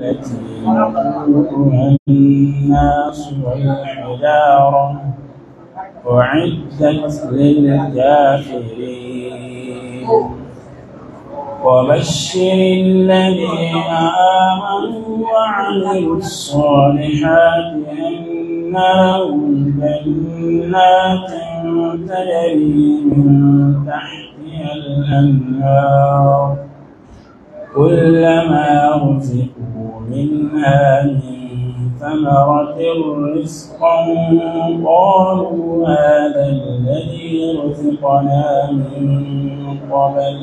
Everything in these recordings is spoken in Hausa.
الناس والحجارة أعدت للكافرين وبشر الذين آمنوا وعملوا الصالحات أن جنات تجري من تحتها الأنهار كلما رزقوا منها من ثمرة رزقا قالوا هذا الذي رزقنا من قبل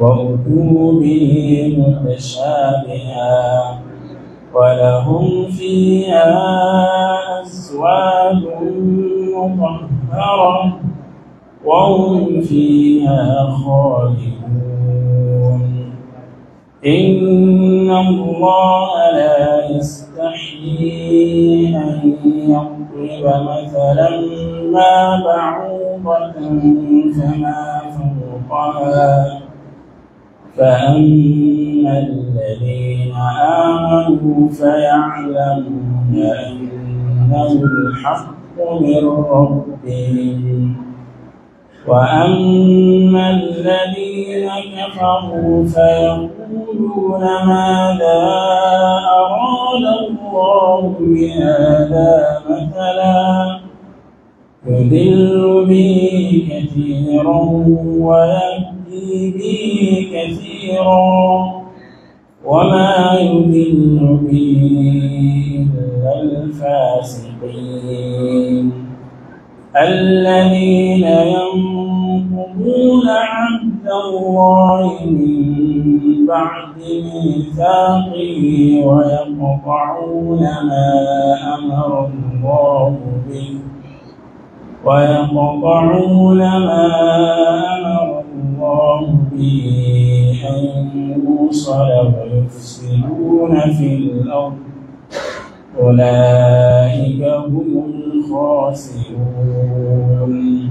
وأتوا به متشابها ولهم فيها أزواج مطهرة وهم فيها خالدون إن الله لا يستحيي أن يضرب مثلا ما بعوضة فما فوقها فأما الذين آمنوا فيعلمون أنه الحق من ربهم وأما الذين كفروا فيقولون ماذا أراد الله بهذا مثلا يذل به كثيرا ويهدي به كثيرا وما يذل به إلا الفاسقين الذين ينقضون عهد الله من بعد ميثاقه ويقطعون ما أمر الله به ويقطعون ما أمر الله به أن يوصل ويفسدون في الأرض أولئك هم الخاسرون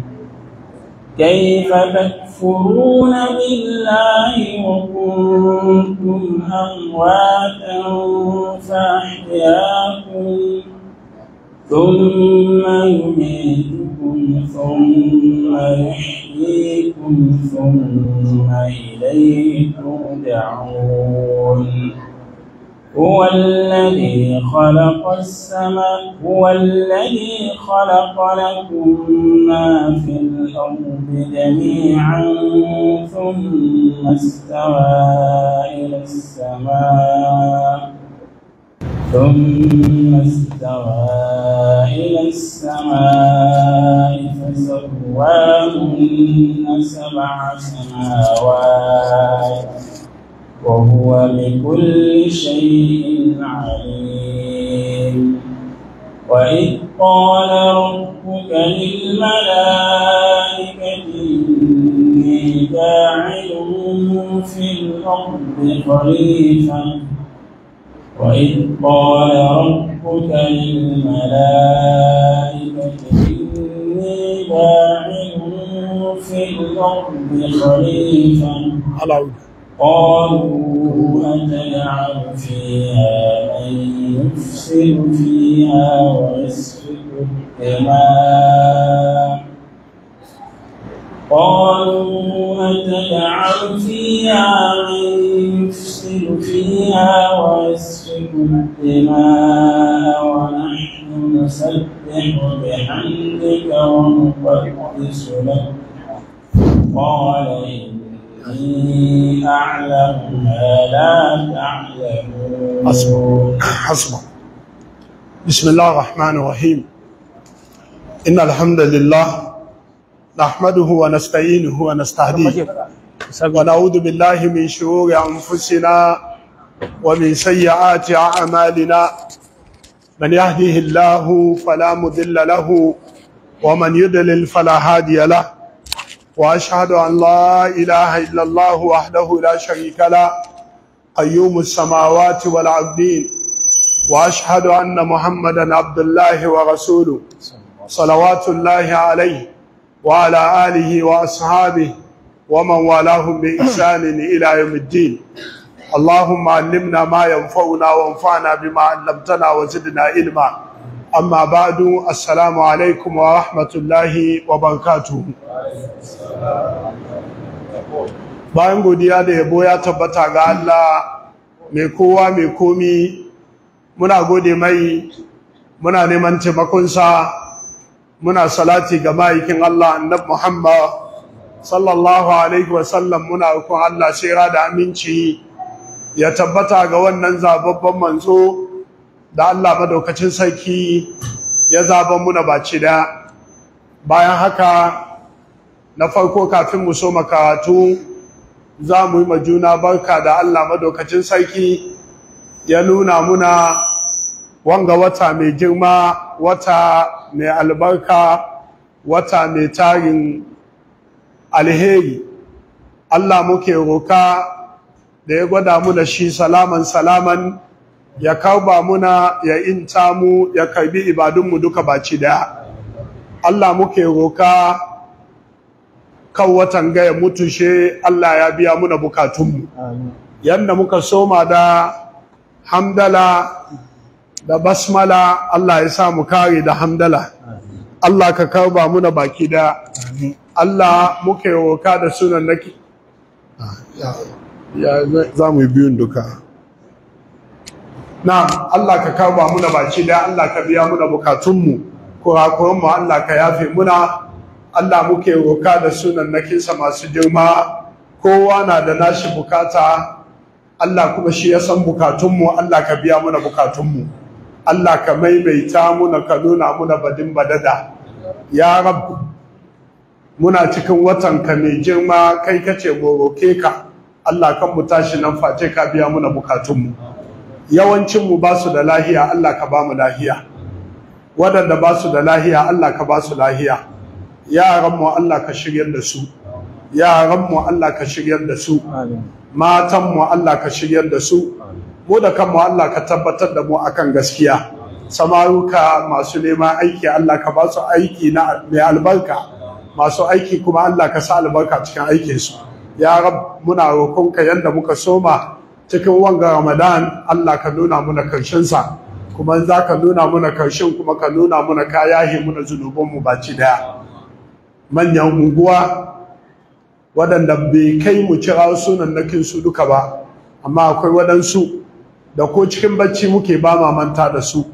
كيف تكفرون بالله وكنتم أمواتا فأحياكم ثم يميتكم ثم يحييكم ثم إليه ترجعون هو الذي خلق السماء هو الذي خلق لكم ما في الأرض جميعا ثم استوى إلى السماء ثم استوى إلى السماء فسواهن سبع سماوات وهو بكل شيء عليم وإذ قال ربك للملائكة إني جاعل في الأرض خليفة وإذ قال ربك للملائكة إني جاعل في الأرض خليفة قالوا أنجعل فيها من يفسد فيها ويسفك الدماء قالوا أتجعل فيها من يفسد فيها ويسفك الدماء ونحن نسبح بحمدك ونقدس لك قال أعلم ما لا بسم الله الرحمن الرحيم إن الحمد لله نحمده ونستعينه ونستهديه طيب. ونعوذ بالله من شرور أنفسنا ومن سيئات أعمالنا من يهده الله فلا مضل له ومن يضلل فلا هادي له وأشهد أن لا إله إلا الله وحده لا شريك له قيوم السماوات والعبدين وأشهد أن محمدا عبد الله ورسوله صلوات الله عليه وعلى آله وأصحابه ومن والاهم بإحسان إلى يوم الدين اللهم علمنا ما ينفعنا وانفعنا بما علمتنا وزدنا علما amma ba'du assalamu alaikum wa rahmatullahi wa bankatu bayan godiya da yabo ya tabbata ga Allah mai kowa mai komi muna gode mai muna neman taimakonsa muna salati ga ma'aikin Allah annab Muhammad sallallahu alaihi wa sallam muna roƙon Allah shira da aminci ya tabbata ga wannan zababban manzo da Allah madaukacin sarki ya zaban muna baci da bayan haka na farko kafin mu so makaratu za mu yi majuna barka da Allah madaukacin sarki ya nuna muna wanga wata mai girma wata mai albarka wata mai tarin alheri Allah muke roka da ya gwada mu da shi salaman salaman ya kauba muna ya inta mu ya karbi ibadunmu duka baci daya Allah muke roka kan watan gaya mutushe Allah ya biya muna bukatunmu Yadda muka soma da hamdala da basmala Allah ya sa mu kare da hamdala Allah ka karba muna baki daya Allah muke roka da sunan naki ya za mu yi biyun duka na Allah ka kama muna baki da Allah ka biya muna bukatunmu kurakuranmu Allah ka yafe muna Allah muke roka da sunan na kinsa masu girma kowa na da nashi bukata Allah kuma shi ya san bukatunmu Allah ka biya muna bukatunmu Allah ka maimaita muna ka nuna muna badin badada ya rabu muna cikin watan ka mai girma kai kace mu roke ka Allah kan mu tashi nan face ka biya muna bukatunmu yawancin mu ba su da lahiya Allah ka ba mu lahiya waɗanda ba su da lahiya Allah ka ba su lahiya yaran mu Allah ka shiryar da su yaran mu Allah ka shiryar da su matan mu Allah ka shiryar da su mu da kanmu Allah ka tabbatar da mu akan gaskiya samaruka masu neman aiki Allah ka ba su aiki na mai albarka masu aiki kuma Allah ka sa albarka cikin aikinsu ya rab muna roƙonka yadda muka soma cikin wanga ramadan Allah ka nuna muna karshensa kuma za ka nuna muna karshen kuma ka nuna muna ka yahe muna zunubanmu baci daya manyan unguwa waɗanda bai kai mu kira sunan nakin su duka ba amma akwai waɗansu da ko cikin bacci muke ba mamanta da su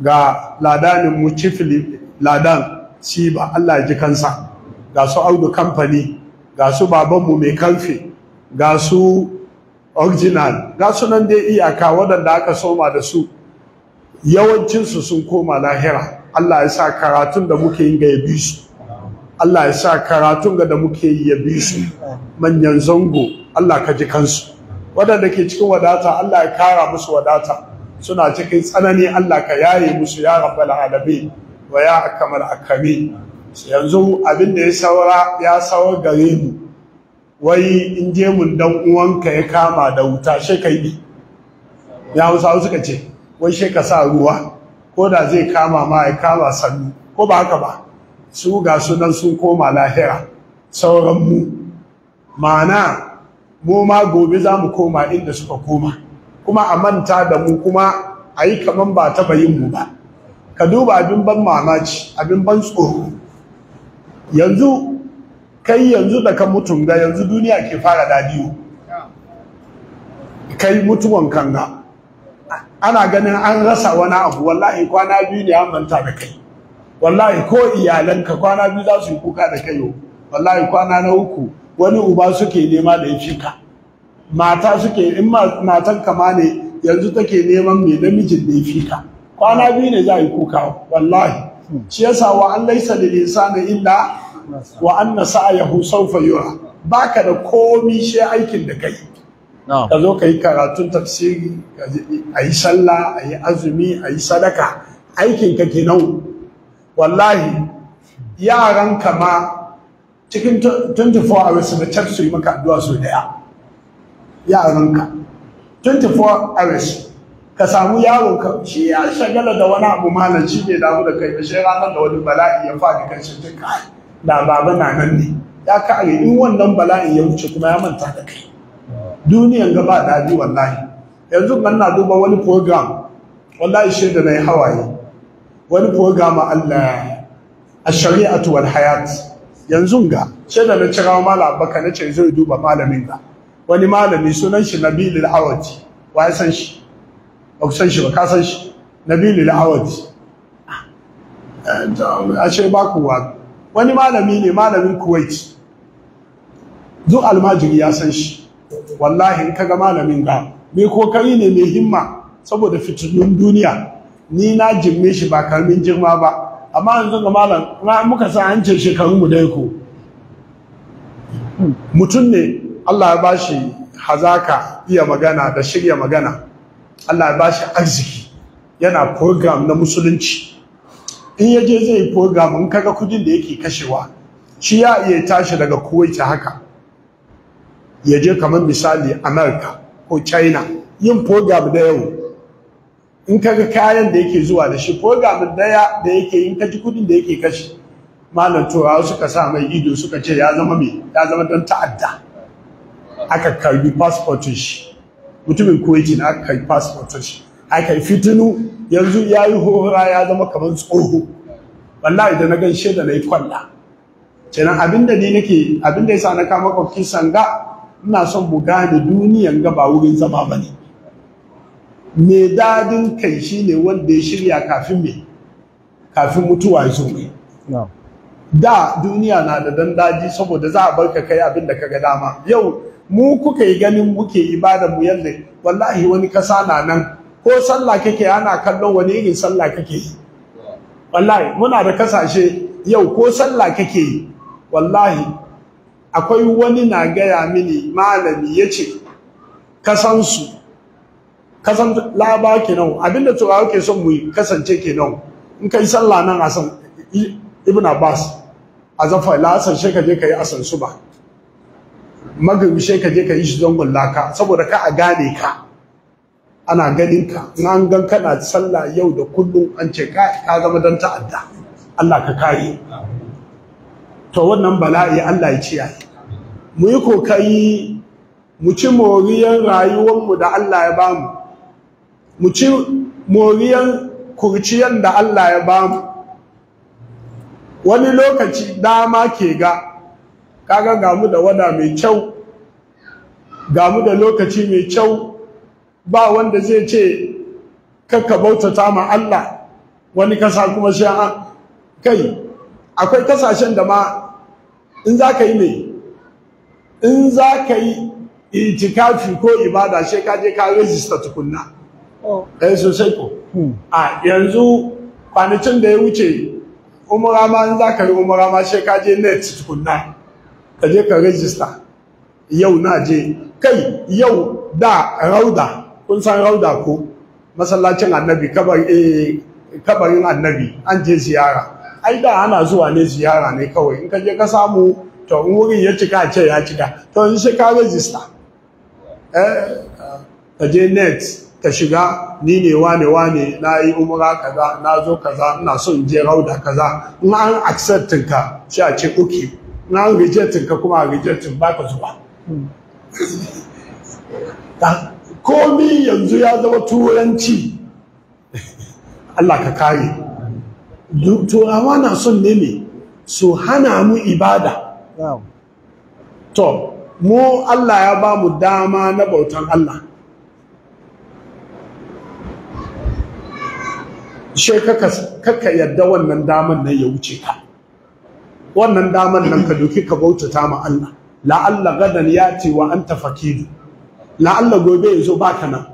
ga ladanin mu cifili ladan shi ba Allah ya ji kansa ga su audu kamfani ga su babanmu mai kamfe ga su original gasu nan dai iyaka waɗanda aka soma da su yawancinsu sun koma lahira Allah ya sa karatun da muke yi ga ya bi su Allah ya sa karatun ga da muke yi ya bi su manyan zango Allah ka ji kansu waɗanda ke cikin wadata Allah ya kara musu wadata suna cikin tsanani Allah ka yaye musu ya rabbal alamin wa ya akamal akami yanzu abin da ya saura ya saura gare mu wai in je mun dan uwanka ya kama da wuta shekai bi ya hausa suka ce wai sheka sa ruwa ko da zai kama ma ya kama sannu ko ba haka ba su ga sunan sun koma lahira sauran mu ma'ana mu ma gobe za mu koma inda suka koma kuma a manta da mu kuma a yi kaman ba ta yin mu ba ka duba abin ban mamaci abin ban tsoro yanzu kai yanzu da kan mutum ga yanzu duniya ke fara dadiyo kai mutuwan kanga ana ganin an rasa wani abu wallahi kwana biyu ne an manta da kai wallahi ko iyalanka kwana biyu za su yi kuka da kai wallahi kwana na uku wani uba suke nema da ya fi ka mata suke in matan kama ne yanzu take neman mai namijin da ya fi ka kwana biyu ne za a yi kuka wallahi shi yasa wa an laisa lil insani illa wa anna sa'ayahu sawfa yura baka da komi shi aikin da kai ka zo ka yi karatun tafsiri a yi sallah a yi azumi a yi sadaka aikinka kenan wallahi yaran ma, cikin 24 hours da cap su yi maka addu'a sau daya yaranka 24 hours ka samu yaro ka shi ya shagala da wani abu malam shi ne damu da kai da shi ranar da wani bala'i ya faɗi kan shi tun kai da baba na nan ne ya kare in wannan bala'in ya wuce kuma ya manta da kai duniyan gaba daɗi wallahi yanzu ban na duba wani program wallahi shi da na yi hawaye wani program a Allah a shari'atu wal hayat yanzu ga shi da na cira malam baka na ce zai duba malamin ga wani malami sunan shi nabilul al wa ya san shi ba ku san shi ba ka san shi nabilul al a ce ba ku wa wani malami ne malamin kuwait zo almajiri ya san shi wallahi in kaga malamin ga mai kokari ne mai himma saboda fitilun duniya ni na jimme shi ba karamin jirma ba amma yanzu ga malam muka sa an ce shekarun mu dai ko mutum ne Allah ya bashi hazaka iya magana da shirya magana Allah ya bashi arziki yana program na musulunci in ya je zai yi program in kaga kudin da yake kashewa shi ya iya tashi daga Kuwait haka ya je kamar misali america ko china yin program da yau in kaga kayan da yake zuwa da shi program daya da yake in kaji kudin da yake kashe malam turawa suka sa mai ido suka ce ya zama me ya zama don ta'adda aka karbi passport shi mutumin Kuwait na aka karbi passportin shi aka fitinu yanzu ya yi horara ya zama kamar tsoho wallahi da na gaishe da na yi kwalla kenan abinda ni nake abinda yasa na kama kwakin sanga ina son mu gane duniyan ga ba wurin zama ba ne me dadin kai shi ne wanda ya shirya kafin me kafin mutuwa ya zo da duniya na da dan saboda za a barka kai abin da ga dama yau mu kuka yi ganin muke ibada mu yalle wallahi wani kasa na nan ko sallah kake ana kallon wani irin sallah kake yi wallahi muna da kasashe yau ko sallah kake yi wallahi akwai wani na gaya mini malami ya ce kasansu kasan ke kenan abinda turawa ke son mu kasance kenan in kai sallah nan a san ibn abbas a zafa lasan shi ka je ka yi asan su ba magribi shi ka je ka yi shi zangon laka saboda ka a gane ka ana ganin ka an gan kana sallah yau da kullum an ce ka zama dan ta'adda Allah ka kai to wannan bala'i Allah ya ciyaye mu yi kokari mu ci rayuwar rayuwarmu da Allah ya bamu mu ci moriyan kurciyan da Allah ya bamu wani lokaci dama ke ga kaga mu da wada mai kyau ga mu da lokaci mai kyau ba wanda zai ce kakka bautata ma Allah wani kasa kuma shi kai akwai kasashen da ma in za ka yi ne in za ka yi itikafi ko ibada shi ka je ka rejista tukunna Ɗaya oh. eh, sosai ko hmm. a yanzu kwanacin da ya wuce umara ma in za ka yi umara ma shi ka je net tukunna ka je ka rejista. yau na je kai yau da rauda kun san rauda ko masallacin annabi eh, kabarin annabi an je ziyara ai da ana zuwa ne ziyara ne kawai in kaje ka samu to in wurin ya cika ce ya cika to in sai ka rajista eh ka je net ka shiga ni ne wane wane na yi umra kaza na zo kaza ina so in je rauda kaza in an accept ka sai a ce okay na an reject ka kuma reject ba ka zuwa hmm. komi yanzu ya zama turanci Allah ka kare turawa na son ne ne su hana mu ibada to mu Allah ya ba mu dama na bautan Allah she kaka yadda wannan daman nan ya wuce ka wannan daman nan ka doki ka bautata ma Allah la'alla gadan yati wa anta fakidu la'alla gobe ya zo baka nan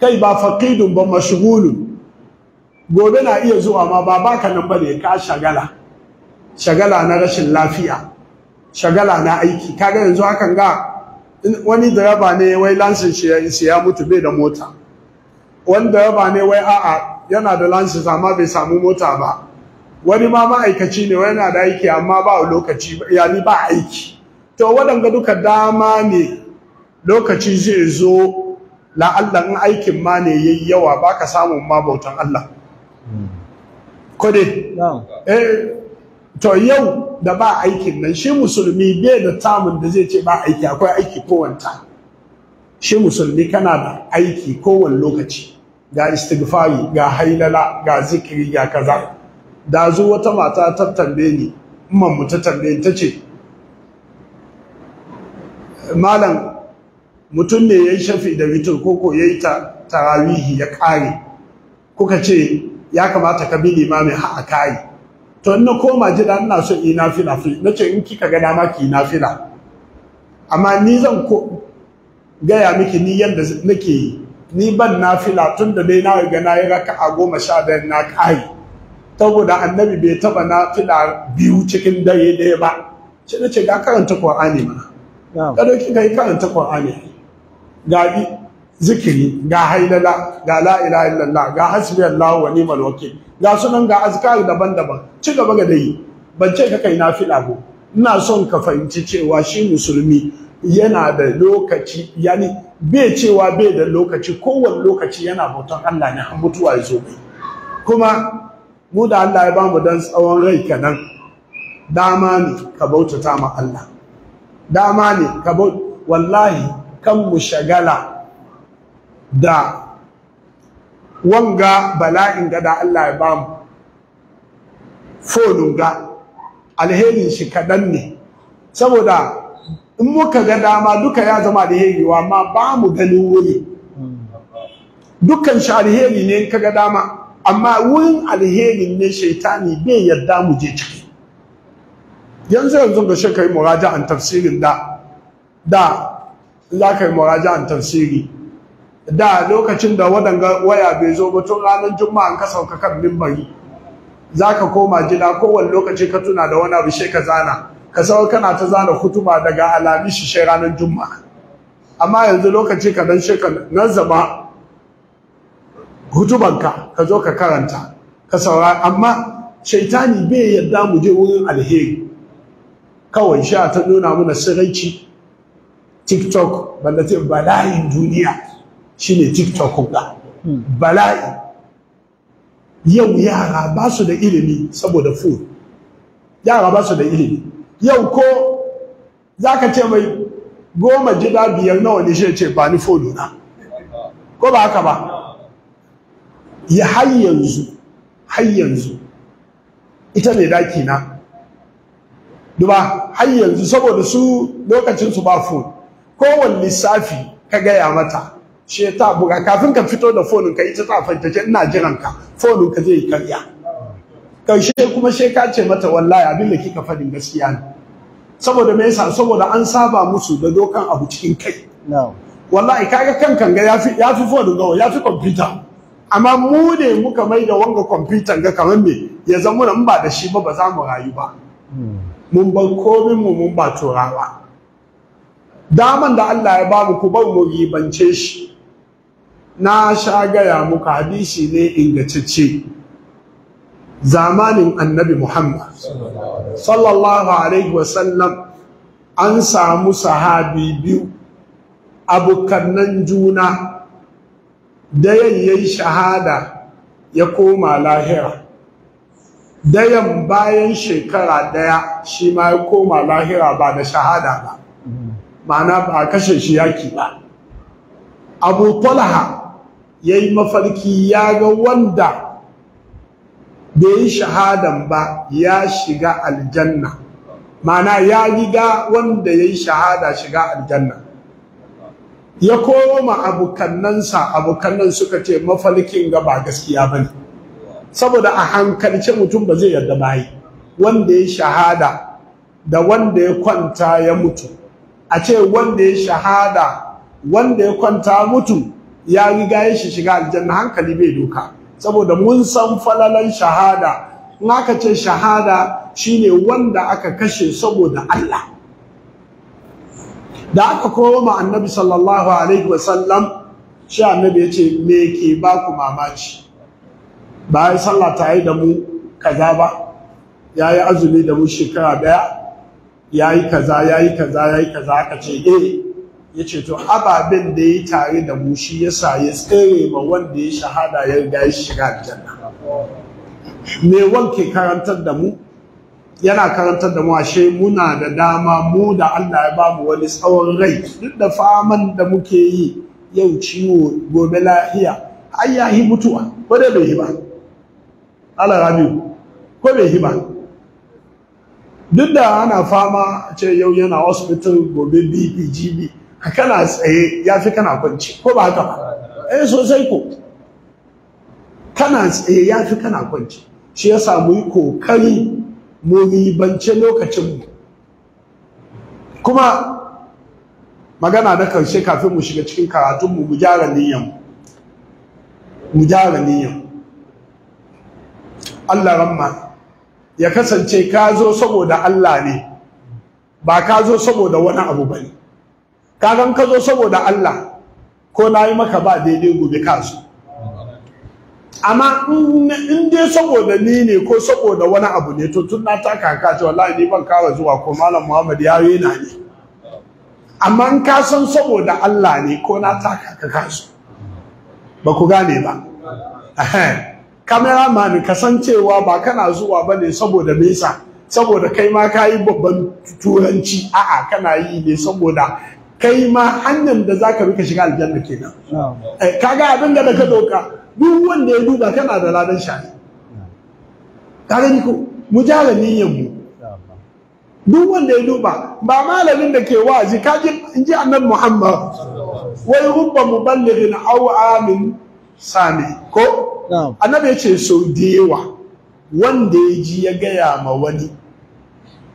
kai ba faqidun ba mashghulun gobe na iya zuwa ma ba baka nan bane ka shagala shagala na rashin lafiya shagala na aiki kaga yanzu hakan ga wani driver ne wai lansin shi ya mutu bai da mota wani driver ne wai a'a yana da lansin amma bai samu mota ba wani ma ma'aikaci ne wai yana da aiki amma ba lokaci yani ba aiki to waɗanga duka dama ne lokaci zai zo Allah in aikin ma ne yayi yawa baka samun ma bautan Allah dai eh to yau da ba aikin nan shi musulmi bai da tamun da zai ce ba aiki akwai aiki kowanta shi musulmi kana da aiki kowane lokaci ga istighfari ga hailala ga zikiri ga kaza da zo wata mata ta tambaye ni ta tambaye ta ce malam mutum ne ya yi shafi da witir ko ko ya yi tarawihi ya kare kuka ce ya kamata ka bi limami ha a kare to ina koma gida ina so yi nafila na ce in kika ga dama ki nafila amma ni zan ko gaya miki ni yadda nake yi ni ban nafila tun da dai na riga na yi raka a goma sha biyar na kare saboda annabi bai taba nafila biyu cikin dare ɗaya ba sai na ce ga karanta ƙwa'ani ma ga yi karanta ƙwa'ani ga zikiri ga hailala ga la ilaha ga hasbi Allah wa ni'mal ga sunan ga azkar daban-daban ci gaba ga dai ban ce ka kai nafila ko ina son ka fahimci cewa shi musulmi yana da lokaci yani bai cewa bai da lokaci kowane lokaci yana bautan Allah ne har mutuwa ya zo mai kuma mu da Allah ya ba mu dan tsawon rai kanan dama ne ka bautata ma Allah dama ne ka wallahi kanmu shagala da wanga bala'in gada Allah ya bamu fonin ga alherin shi kaɗan ne saboda in muka ga dama duka ya zama alheri ma ba mu ganin wuri dukkan shi alheri ne in ka ga dama amma wurin alheri ne shaitani bai yarda mu je ciki yanzu yanzu ga shi kai muraja an tafsirin da da za ka yi muraja'an tafsiri da lokacin da waɗanga waya bai zo ba tun ranar juma'a ka sauka kan mimbari za ka koma gida kowane lokaci ka tuna da wani abu shi ka zana ka sauka kana ta zana kutuba daga alamishi shi ranar juma'a amma yanzu lokaci ka dan shi ka nazama hutubanka ka zo ka karanta ka saura amma shaitani bai yadda mu je wurin alheri kawai sha ta nuna mana siraici tiktok ballace bala'in duniya shine tiktok ba hmm. bala'i yau yara ba su da ilimi saboda food yara ba su da ilimi yau ko za ka ce mai goma jida biyar nawa ne shi ce ba ni fodo na ko ba haka ba ya har yanzu har yanzu ita ne daki na duba har yanzu saboda su lokacin su ba food kowane lissafi ka gaya mata ya ta buga kafin ka fito da fonin ka ita ta ce ina jiran ka fonin ka zai karya karshe kuma shi ka ce mata wallahi abin da kika fadin gaskiya ne saboda me yasa saboda an saba musu da dokan abu cikin kai wallahi kaga kankan ga yafi yafi fonin ga yafi computer amma mu ne muka mai da wanga kwamfutan ga kamar me ya zama mun ba da shi ba ba za mu rayu ba hmm. mun bar komin mu mun ba turawa daman da Allah ya bamu ku bar mu bance shi na sha gaya muku hadisi ne ingantacce zamanin annabi Muhammad sallallahu alaihi wasallam an samu sahabi biyu abukannan juna dayan yayi shahada ya koma lahira dayan bayan shekara daya shi ma ya koma lahira ba da shahada ba ma'ana ba kashe shi yaki ba abu talaha ya yi mafarki ya ga wanda bai yi shahadan ba ya shiga aljanna ma'ana ya riga wanda ya yi shahada shiga aljanna ya koma abokannansa abokannan suka ce mafarkin ga ba gaskiya ba ne saboda a hankalce mutum ba zai yarda bayi wanda ya shahada da wanda ya kwanta ya mutu a ce wanda ya shahada wanda ya kwanta mutu ya riga ya shi shiga aljanna hankali bai doka saboda mun san falalan shahada in aka ce shahada shine wanda aka kashe saboda Allah da aka koma annabi sallallahu alaihi wasallam shi annabi ya ce me ke ba ku mamaci bayan sallah ta yi da mu kaza ba ya yi azumi da mu shekara daya yayi kaza yayi kaza yayi kaza aka ce eh yace to ababen da yi tare da mu shi yasa ya tsere ma wanda ya shahada ya riga ya shiga aljanna me wanke karantar da mu yana karantar da mu ashe muna da dama mu da Allah ya babu wani tsawon rai duk da faman da muke yi yau ciwo gobe lahiya ai mutuwa ko dai bai yi ba Allah ko bai yi ba duk da ana fama ce yau yana hospital gobe bpgb ka kana tsaye ya fi kana kwanci ko ba haka ba eh sosai ko kana tsaye ya fi kana kwanci shi ya samu yi kokari mu bance lokacin mu kuma magana na karshe kafin mu shiga cikin karatun mu mu gyara niyyar mu gyara niyyar Allah ramma ya kasance ka zo saboda Allah ne ba ka zo saboda wani abu bane kagan ka zo saboda Allah ko na yi maka ba daidai gobe ka zo amma in dai saboda ni ne ko saboda wani abu ne to tun na taka ka ce wallahi ni ban kawo zuwa ko malam Muhammad ya yi na ne amma in ka san saboda Allah ne ko na taka ka ka zo ba ku gane ba cameraman kasancewa ba kana zuwa ba ne saboda nesa saboda kai ma ka yi babban turanci a'a kana yi ne saboda kai ma hanyar da za ka rika shiga aljanna kenan eh, kaga abin da ka doka duk wanda ya duba kana da ladan shani ka gani ko mu jara niyyar mu duk wanda ya duba ba malamin da ke wa'azi ka ji annabi Muhammad wai rubba muballighin aw amin sami ko ko annabi ya ce sau da yawa wanda ya ji ya gaya ma wani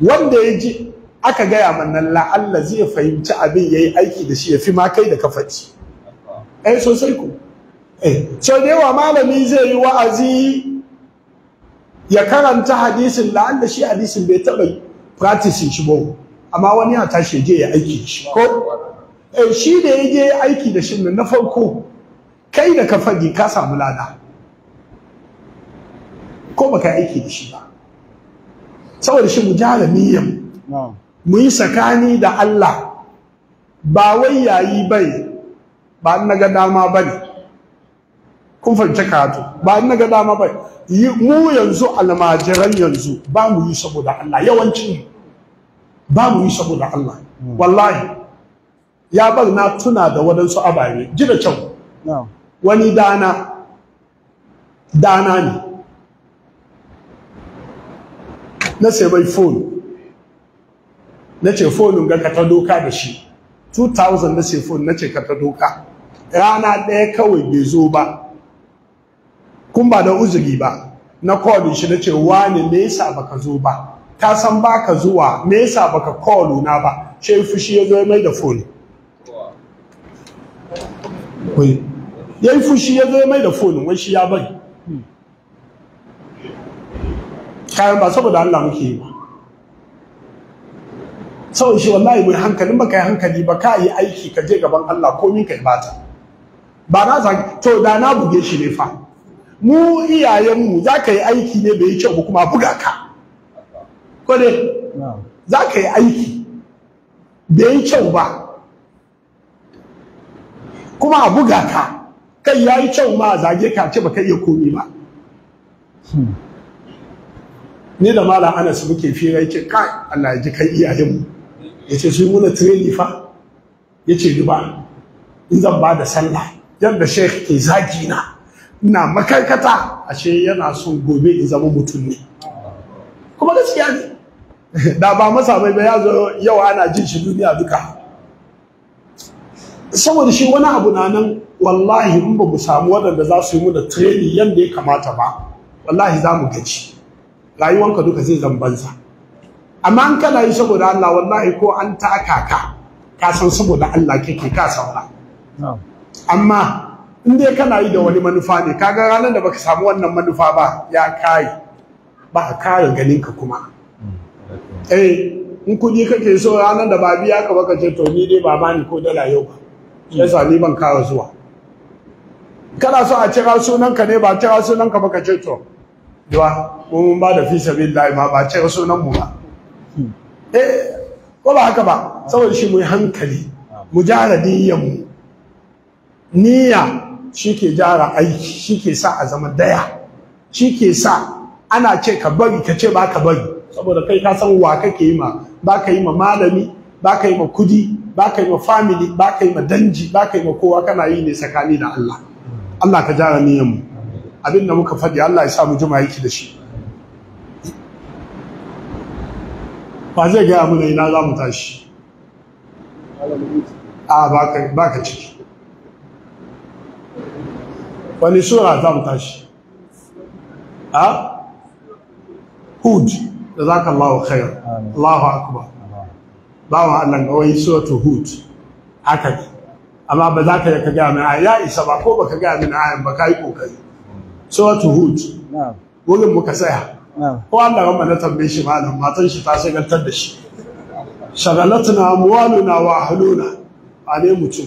wanda ya ji aka gaya ma nan la'alla zai fahimci abin ya yi aiki da shi ya fi ma kai da kafaci eh sosai ku eh sau da yawa malami zai yi wa'azi ya karanta hadisin la'alla shi hadisin bai taɓa practicing shi ba amma wani ya tashi je ya aiki da shi ko eh shi da ya je aiki da shi na farko kai da ka fage ka samu lada ko baka aiki da shi ba saboda shi mu jala niyyar mu yi tsakani da Allah ba wai yayi bai ba na ga dama bane kun fahimci karatu ba na ga dama bai mu yanzu almajiran yanzu ba mu yi saboda Allah Yawanci, ba mu yi saboda Allah mm. wallahi ya bar na tuna da waɗansu ababe ji da kyau wani dana dana ne na sai mai phone na ce phone ga ka ta doka da shi 2000 na ce phone na ce ka ta doka rana ɗaya kawai bai zo ba kun ba da uzuri ba na kolin shi na ce wani me yasa baka zo ba ka san baka zuwa me yasa baka kolo na ba ce fushi ya zo mai da phone yi fushi ya zo mai da phone wai shi ya bari kayan ba saboda Allah muke yi ba saboda shi wallahi mai hankali? ba kai hankali ba ka yi aiki ka je gaban Allah komin kai bata ba na zan to da na buge shi ne fa mu iyayenmu za ka yi aiki ne bai yi kyau ba kuma buga ka ko ne za ka yi aiki bai yi kyau ba kuma a buga ka kai ya yi kyau ma a zage ka ce ba ka iya komi ba hmm. ni da malam anas muke fira yake kai Allah ya ji kai iyayenmu yace su muna training fa yace duba in zan ba da sallah yadda sheikh ke zagi na ina makarkata ashe yana son gobe in zama mutum ne kuma gaskiya ne da ba masa bai ba ya yau ana jin shi duniya duka saboda shi wani abu na nan wallahi in ba mu samu waɗanda za su yi mu da training yadda ya kamata ba wallahi za mu gaji rayuwanka duka zai zambansa amma an kana yi saboda Allah wallahi ko an taka ka ka san saboda Allah kake ka saura amma in dai kana yi da wani manufa ne kaga ranar da baka samu wannan manufa ba ya kai ba kare ganin ka kuma mm. eh in kudi kake so ranar da ba biya ka baka ce to ni dai ba bani ko dala yau ba yasa ni ban kawo zuwa kana so a cira sunanka ne ba cira sunanka baka ce to duwa mun ba da fi sabilillahi ma ba ce sunan mu ba eh ko ba haka ba saboda shi mu yi hankali mujaradiyyan mu niyya shi ke jara aiki shi ke sa a zama daya shi ke sa ana ce ka bari ka ce ba ka bari saboda kai ka san wa kake yi ma ba yi ma malami ba yi ma kudi ba ka yi ma family ba ka yi ma danji ba ka yi ma kowa kana yi ne tsakani da Allah Allah ka jara niyyar mu abin da muka faɗi Allah ya samu jima'i yake da shi ba zai gaya mana ina za mu tashi a ba ka ciki wani sura za mu tashi a hud da za ka lawa khayar Allahu akbar wa Allah ga wani to hud haka ne amma ba za ka yi ka gaya mai ya isa ba ko ba ka gaya mai ayan ba ka yi kokari suratu hud wurin muka tsaya ko Allah ramma na tambayi shi malam matan shi ta shagaltar da shi shagalatuna amwaluna wa ahluna ne mutum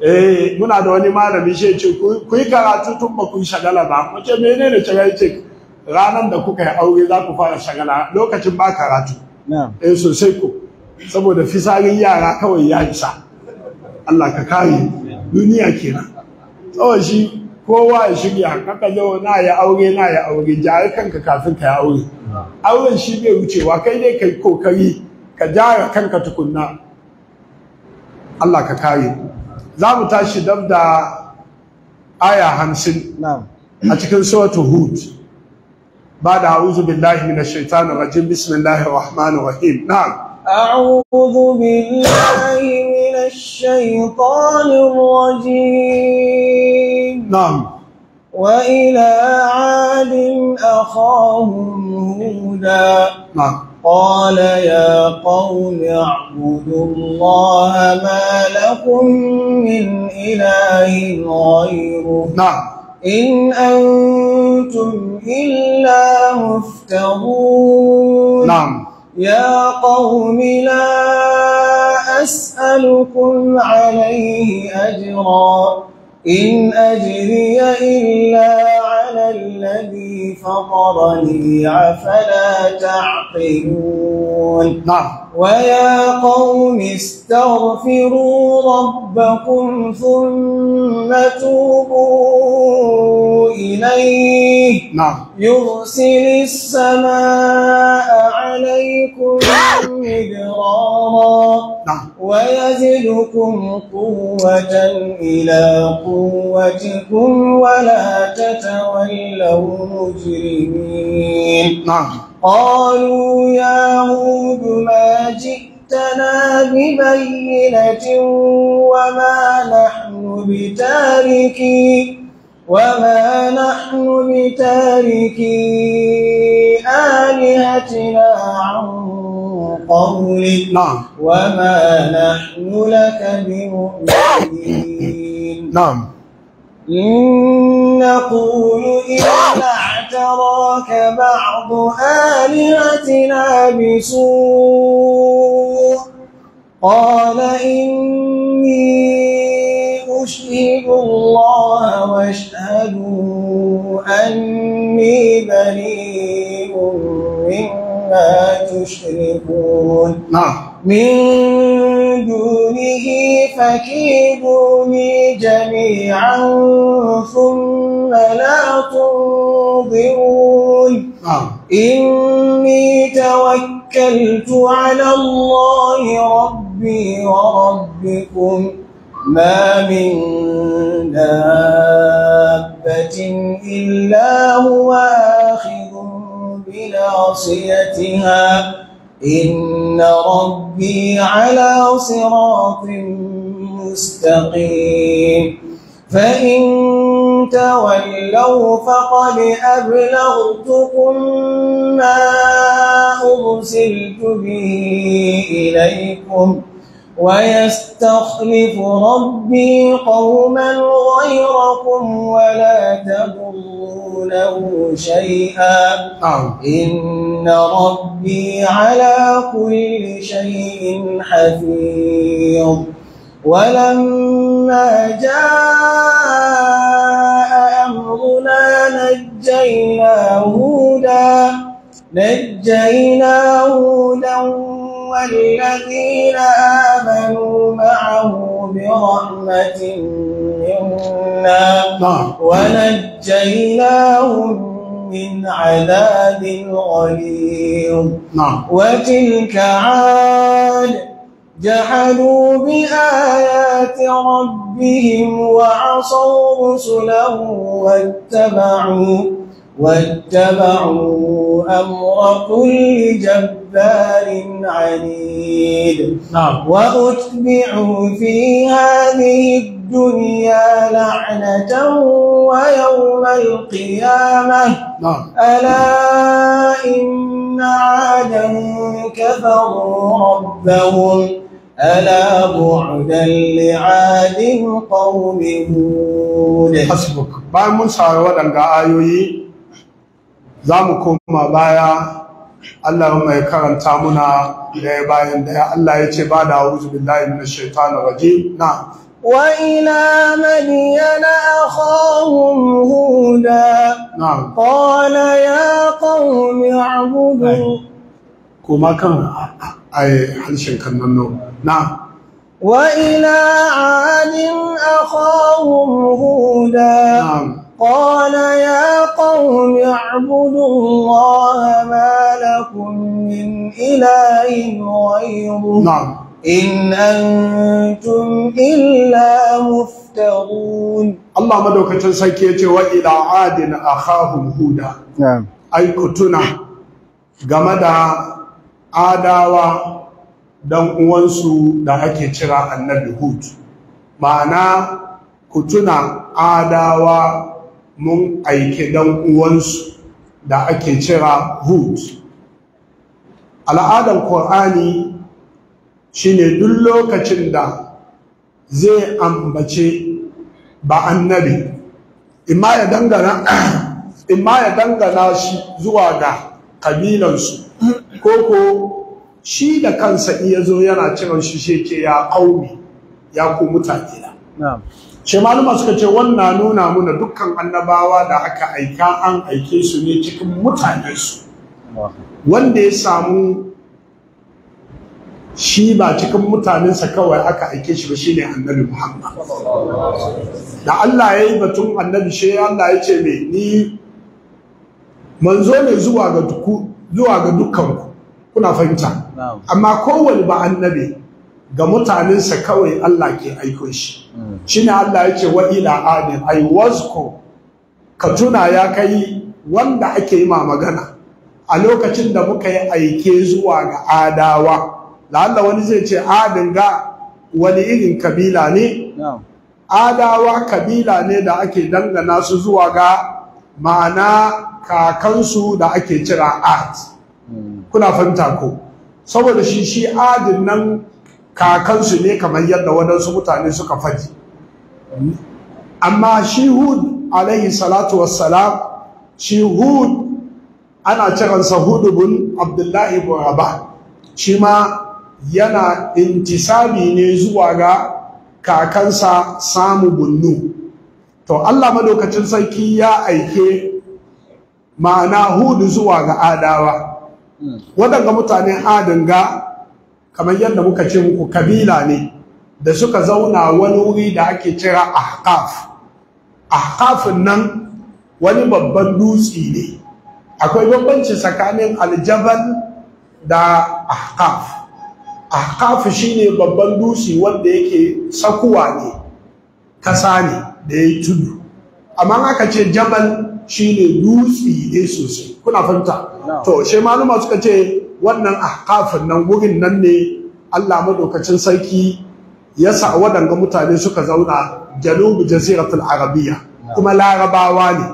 eh muna da wani malami shi ce ku yi karatu tun ba ku shagala ba mu ce menene shagali ce ranar da kuka yi aure za ku fara shagala lokacin ba karatu eh sosai ku saboda fisarin yara kawai ya isa Allah ka kare duniya kenan tsawon shi kowa ya shirya haka yau na ya aure na ya aure jari kanka kafin ka ya aure ah. auren shi bai wucewa kai dai kai kokari ka jara kanka tukunna Allah ka kare za mu tashi dab da aya hamsin a cikin suratu hud ba da a'udhu billahi minash shaitanir rajim bismillahir rahmanir rahim na'am أعوذ بالله من الشيطان الرجيم نعم وإلى عاد أخاهم هودا نعم قال يا قوم اعبدوا الله ما لكم من إله غيره نعم إن أنتم إلا مفترون نعم يا قوم لا أسألكم عليه أجرا إن أجري إلا على الذي فطرني أفلا تعقلون نعم ويا قوم استغفروا ربكم ثم توبوا إليه نعم يرسل السماء عليكم مدرارا نعم ويزدكم قوة إلى قوتكم ولا تتولوا مجرمين نعم قالوا يا هود ما جئتنا ببينة وما نحن بتاركي وما نحن بتاركي آلهتنا عن قولك نعم وما نحن لك بمؤمنين نعم إن نقول إلا أتراك بعض آلهتنا بسوء قال إني أشهد الله واشهدوا أني بريء مما تشركون نعم من دونه فكيدوني جميعا ثم لا تنظرون نعم. إني توكلت على الله ربي وربكم ما من دابة إلا هو آخذ بناصيتها إن ربي على صراط مستقيم فإن تولوا فقد أبلغتكم ما أرسلت به إليكم ويستخلف ربي قوما غيركم ولا تضروا له شيئا نعم. إن ربي على كل شيء حفيظ ولما جاء أمرنا نجينا هودا نجينا هودا والذين آمنوا معه برحمة منا نعم. ونجيناهم من عذاب غليظ نعم. وتلك عاد جحدوا بآيات ربهم وعصوا رسله واتبعوا واتبعوا أمر كل جبار عنيد نعم وأتبعوا في هذه الدنيا لعنة ويوم القيامة نعم ألا إن عادا كفروا ربهم ألا بعدا لعاد قوم هود حسبك بعد من صار ودنگا آيوي za mu koma baya Allah ya karanta muna daya bayan daya Allah ya ce ba da a'udhu billahi minash shaitani rajim na wa ila madiyana akhahum huda na qala ya qaumi a'budu kuma kan ai harshen kan nan na wa ila adin akhahum huda na قال يا قوم اعبدوا الله ما لكم من إله غيره نعم إن أنتم إلا مفترون الله ما دوك تنسكي وإلى عاد أخاهم هودا نعم أي كتنا غمدا adawa dan uwansu da ake kira annabi hud ma'ana kutuna adawa mun aiki dan uwansu da ake cira hud al'adan ƙorani shine duk lokacin da zai ambace ba annabi imma ya dangana shi zuwa ga kabilansu koko shi da kansa iya zo yana ciran shi sheke ya aumi ya ku mutane na ce maluma suka ce wannan nuna muna dukkan annabawa da aka aika an aike su ne cikin mutane su wanda ya samu shi ba cikin mutanensa kawai aka aike shi ba shine annabi Muhammad da Allah ya yi batun annabi shi Allah ya ce mai ni manzo ne zuwa ga duku zuwa kuna fahimta amma kowane ba annabi ga mutanensa kawai Allah ke aiko shi shine Allah yake wa ila adin ai wasu ka tuna ya kai wanda ake yi ma magana a lokacin da muka yi aike zuwa ga adawa la'alla wani zai ce adin ga wani irin kabila ne adawa kabila ne da ake dangana su zuwa ga ma'ana kakansu da ake cira art. Hmm. kuna fanta ko saboda shi shi adin nan kakansu ne kamar yadda waɗansu mutane suka faɗi amma shihud hud alaihi salatu wassalam shi ana kiransa hudubun abdullahi buraba shi ma yana intisabi ne zuwa ga kakansa samu bunnu to Allah madaukacin sarki ya aike ma'ana hudu zuwa ga adawa hmm. waɗanda mutanen adanga kamar yadda muka ce muku kabila ne da suka zauna wani wuri da ake cira ahqaf ahqafin nan wani babban dutse ne akwai bambanci tsakanin aljabal da ahqaf ahqaf shine babban dutse wanda yake sakuwa ne kasa ne da ya tudu amma aka ce jabal shine dutse ne sosai kuna fahimta to sai maluma suka ce wannan ahqafin nan wurin nan ne Allah madaukacin sarki ya sa waɗanga mutane suka zauna janubu jaziratul arabiya kuma larabawa ne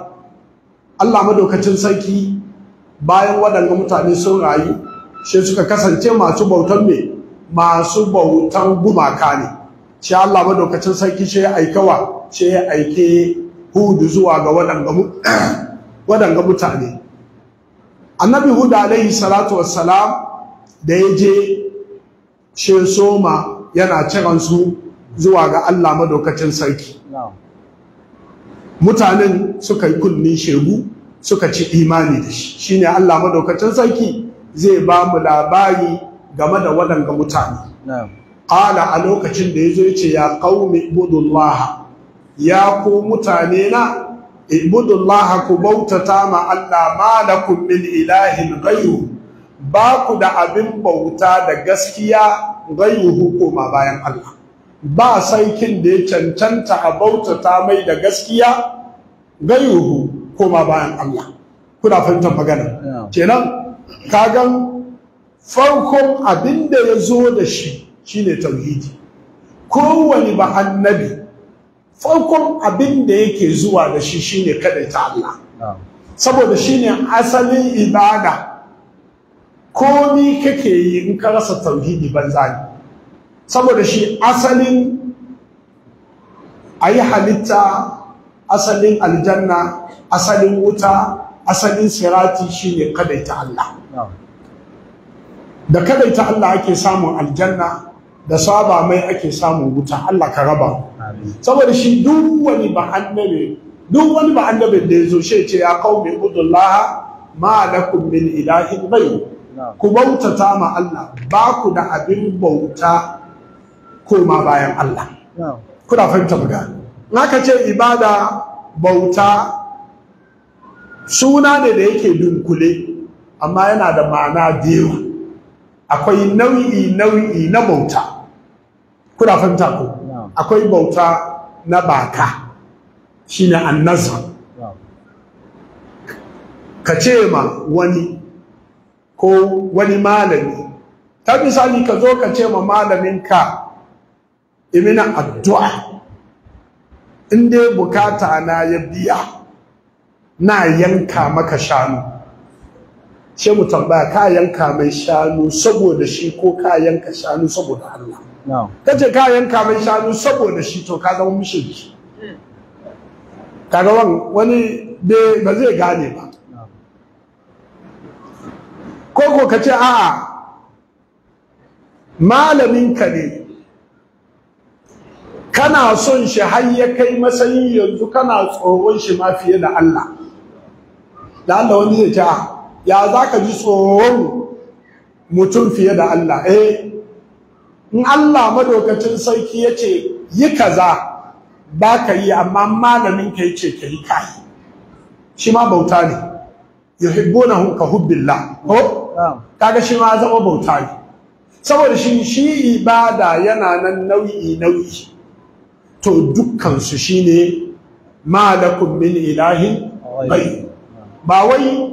Allah madaukacin sarki bayan waɗanga mutane sun rayu she suka kasance masu bautan me masu bautan gumaka ne Shi Allah madaukacin sarki shi ya aikawa shi ya aike hudu zuwa ga wadanga mutane annabi huda alaihi salatu wassalam da ya je shi soma yana su zuwa ga allah madaukacin sarki mutanen suka yi kunnin shegu suka ci imani da shi shine allah madaukacin sarki zai ba mu labari game da waɗanga mutane ƙala a lokacin da ya zo ya ce ya ya ko mutane na ibudullaha ku bautata ma Allah malakum min ilahin ghayru ba ku da abin bauta da gaskiya ghayru hukuma bayan Allah ba kin da ya cancanta a bautata mai da gaskiya ghayru koma bayan Allah kuna fahimtar magana kenan kagan farkon abin da ya zo da shi shine tauhidi Kowani ba annabi farkon abin da yake zuwa da shi shine ta Allah saboda shine asalin ibada komi kake yi in ka rasa tauhidi banza ne saboda shi asalin ayi halitta asalin aljanna asalin wuta asalin sirati shine kadaita Allah da kadaita Allah ake samun aljanna da saba mai ake samun wuta Allah ka raba saboda shi duk wani ba annabi duk wani ba annabi da yazo shi ce ya qaumi budullah ma lakum min ilahin ghayr ku bautata ma Allah ba ku da abin bauta ma bayan Allah da fahimta buga naka ce ibada bauta suna ne da yake dunkule amma yana da ma'ana da yawa akwai nau'i nau'i na bauta kuna fahimta ko akwai bauta na baka shine annazar ka ce ma wani ko wani malami ta misali ka zo ka ce ma malaminka imina addu'a in dai bukata na ya biya na yanka maka shanu sai mu tambaya ka yanka mai shanu saboda shi ko ka yanka shanu saboda Allah kace ka yanka mai shanu saboda shi to ka zama mushriki kaga wani dai ba zai gane ba ko ko kace a'a malaminka ne kana son shi har ya kai matsayin yanzu kana tsoron shi ma fiye da Allah da Allah wani zai ce a'a ya za ka ji tsohon mutum fiye da Allah eh in Allah madaukacin sarki ya ce yi kaza ba ka yi amma malamin ka ya ce ka yi kayi shi ma bauta ne yuhibbunahum ka hubbilla. ko kaga shi ma zama bauta ne saboda shi shi ibada yana nan nau'i nau'i to dukkansu shine da kumbin ilahin bai ba wai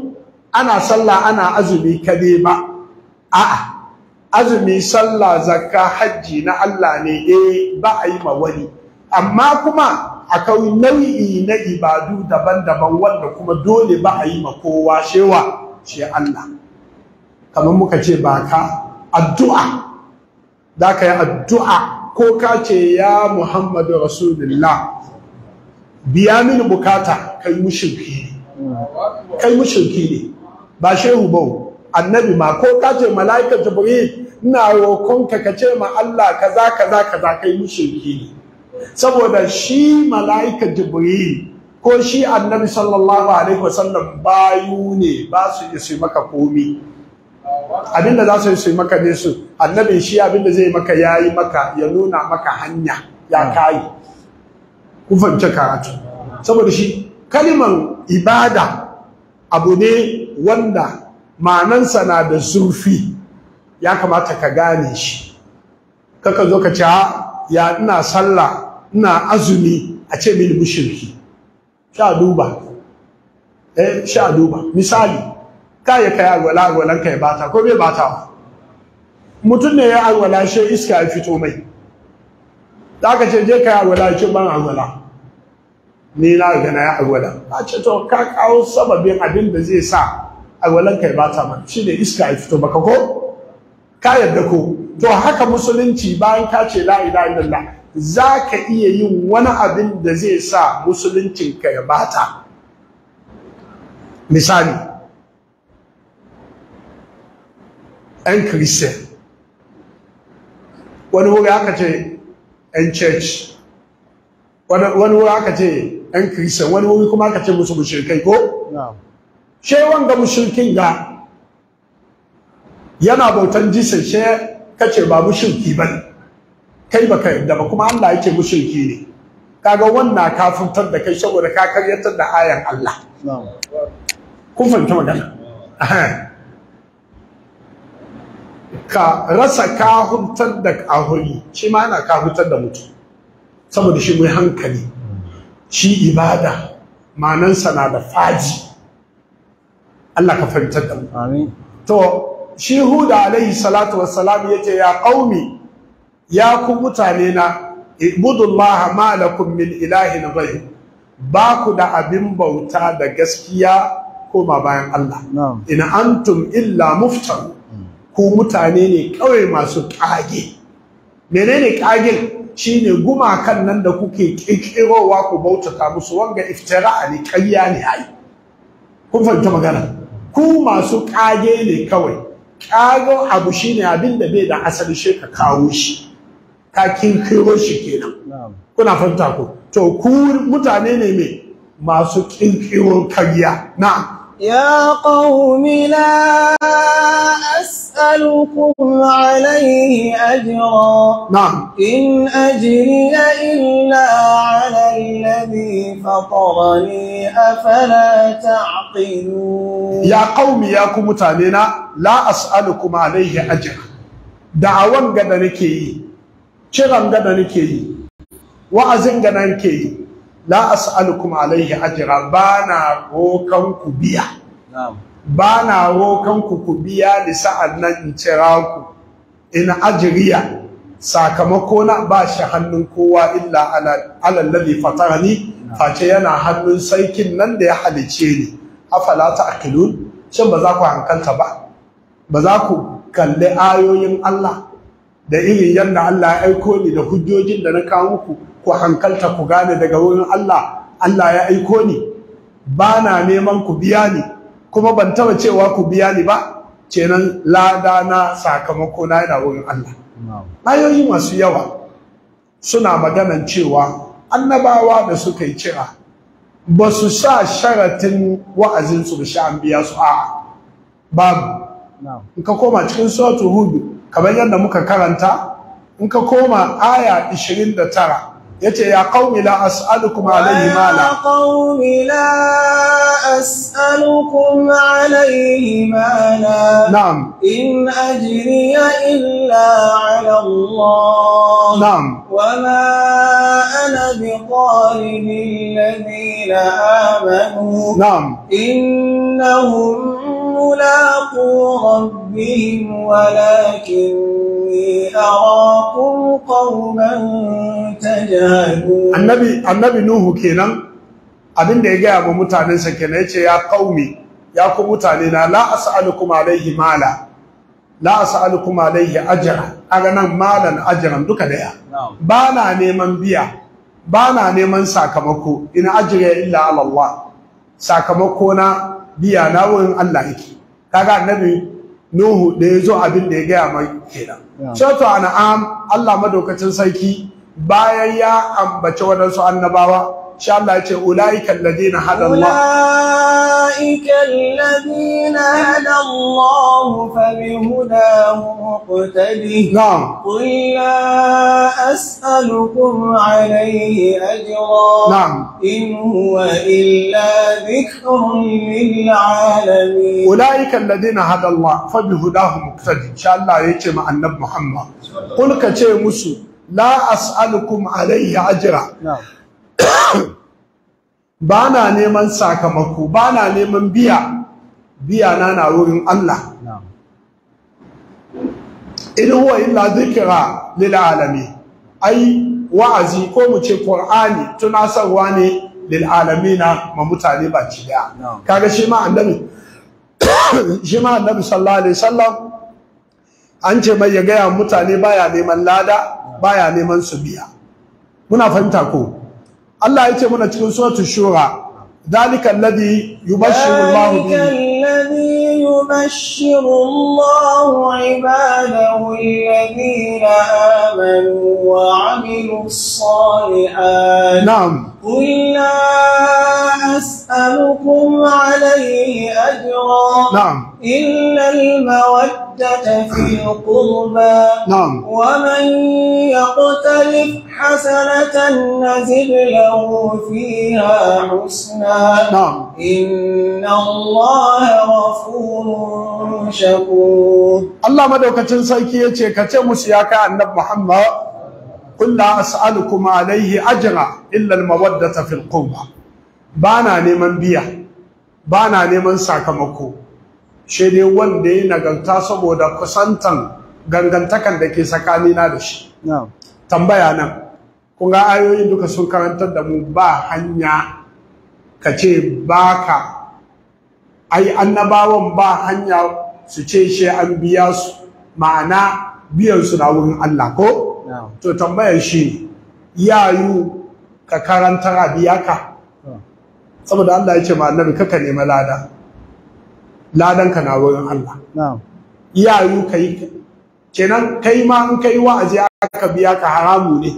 ana sallah ana azumi kade ba a'a azumi sallah zakka hajji na Allah ne eh ba a yi ma wani amma kuma akwai nau'i na ibadu daban-daban wanda kuma dole ba a yi ma kowa shewa shi Allah kamar muka ce baka addu'a da ka yi addu'a ko ka ce ya Muhammadu Rasulullah biya mini bukata kai mushirki ne kai mushirki ne ba shehu ba annabi ma ko ka ce mala'ika jibril ina roƙon ka ka ce ma Allah kaza kaza kaza kai mushriki ne saboda shi mala'ika jibril ko shi annabi sallallahu alaihi wasallam bayu ne ba su yi su maka komi abinda za su yi su maka ne su annabi shi abinda zai maka yayi maka ya nuna maka hanya ya kai ku fahimci karatu saboda shi kalimar ibada abu ne wanda ma'anansa na da zurfi ya kamata ka gane shi kaka zo ka ce ah, ya ina sallah ina azumi a ce mini mushriki sha duba eh sha duba misali ka ya kai alwala alwalan ka ya bata ko bai bata mutum ne ya alwala shi iska ya fito mai Da ka ce je kai alwala shi ban alwala ni na na ya alwala a ce to ka kawo sababin abin da zai sa alwalan ya ba ta shi ne iska ya fito baka ko ka yarda ko to haka musulunci bayan ka ce la ilaha illallah za ka iya yin wani abin da zai sa musuluncin ka ya bata misali ɗan kristiyan wani wuri aka ce ‘yan church wani wuri aka ce ‘yan kristiyan wani wuri kuma aka ce musu mushrikai ko? she wanga mushrikin ga yana bautan jisan she kace ba mushriki bane kai baka yadda ba kuma Allah yake mushriki ne kaga wannan ka fitar da kai saboda ka karyatar da ayan Allah kun fahimta magana ka rasa ka hutar da ahuri shi ma yana ka hutar da mutum saboda shi mai hankali shi ibada manansa na da faji Allah ka fahimtar da mu amin to shi Huda alaihi salatu wassalam yace ya qaumi ya ku mutane na ibudullaha ma lakum min ilahin ghayr ba ku da abin bauta da gaskiya Ko ma bayan Allah in antum illa muftar ku mutane ne kawai masu ƙage. menene kagen shine gumakan nan da kuke ƙirƙirowa ku bautata musu wanga iftira ne ƙarya ne ai kun fahimta magana ku masu ƙage ne kawai kago abu shine abin da bai da asali shi ka kawo shi ka kinkiro shi kenan kuna fanta ko to ku mutane ne mai masu kinkiro kariya na ya qaumi la as أسألكم عليه أجرا نعم إن أجري إلا على الذي فطرني أفلا تعقلون يا قوم يا قوم تانينا لا أسألكم عليه أجرا دعوان قد نكي شغم قد نكي وأزن قد نكي لا أسألكم عليه أجرا بانا روكم كبيا نعم ba na rokan ku ku biya ni sa'an nan in cira ku in ajiriya, sakamako na ba shi hannun kowa illa ala alladhi fatarani face yana hannun sarkin nan da ya halice ni afala akilun shin ba za ku hankalta ba ba za ku kalli ayoyin Allah da irin yadda Allah ya aiko ni da hujjojin da na kawo ku, ku hankalta ku gane daga wurin Allah Allah ya aiko ni ba na neman ku biya ni kuma ban taba cewa ku biya ni ba kenan lada na sakamako na yana wurin Allah ayoyi masu yawa suna maganan cewa annabawa da suka yi kira ba su sa sharatin wa'azinsu su sha an biya su a'a babu in ka koma cikin suratul hud kamar yadda muka karanta in ka koma aya 29 يتي يا قوم لا أسألكم عليه مالا يا قوم لا أسألكم عليه مالا نعم إن أجري إلا على الله نعم وما أنا بطالب الذين آمنوا نعم إنهم ملاقو ربهم بهم ولكني أراكم قوما تجهلون النبي النبي نوح كينان abin da ya gaya wa mutanensa kenan yace ya kaumi ya ku mutane na la as'alukum alayhi mala la as'alukum alayhi ajra aga nan malan ajran duka daya ba na neman biya ba na neman sakamako ina ajriya illa ala Allah sakamako na biya na wurin Allah yake kaga annabi Nuhu da ya zo abin da ya gaya mai kenan. Shato an'am Allah madaukacin sarki bayan ya ambaci waɗansu annabawa ان شاء الله يجي اولئك الذين هدى الله اولئك الذين هدى الله فبهداه مقتدي نعم قل لا اسالكم عليه اجرا نعم ان هو الا ذكر للعالمين اولئك الذين هدى الله فبهداه مقتدي ان شاء الله يجي مع النبي محمد قل كتير لا اسالكم عليه اجرا نعم ba na neman sakamako ba na neman biya biya na na wurin Allah in huwa illa zikira lil ai wa'azi ko mu ce qur'ani tunasarwa ne lil alamina ma mutane ci daya kaga shi ma annabi shi ma annabi sallallahu alaihi wasallam an ce mai ya gaya mutane baya neman lada baya neman su biya muna fahimta ko الله ya ce mana cikin suratul shura ذلك الذي يبشر الله ذلك الذي يبشر الله عباده الذين آمنوا وعملوا الصالحات نعم قل لا أسألكم عليه أجرا نعم إلا المودة في القربى نعم ومن يقترف حسنة نزل له فيها حسنا نعم إن الله غفور شكور الله مدوكة سيكية كتمس يا كأنب محمد kulla as'alukum alayhi ajra illa almawaddata fil qurba bana neman biya bana neman sakamako she dai wanda ya yi nagarta saboda kusantan gangantakan da ke tsakanina na da shi tambaya nan ku ga ayoyin duka sun karantar da mu ba hanya kace baka ai annabawan ba hanya su ce she an biya su ma'ana biyan su na wurin Allah ko to tambayar shi ya yu ka karanta ka. saboda Allah ya ce ma annabi kaka nema lada ladan ka na wurin Allah ya yu ka kenan kai ma in kai wa'azi aka biya ka haramu ne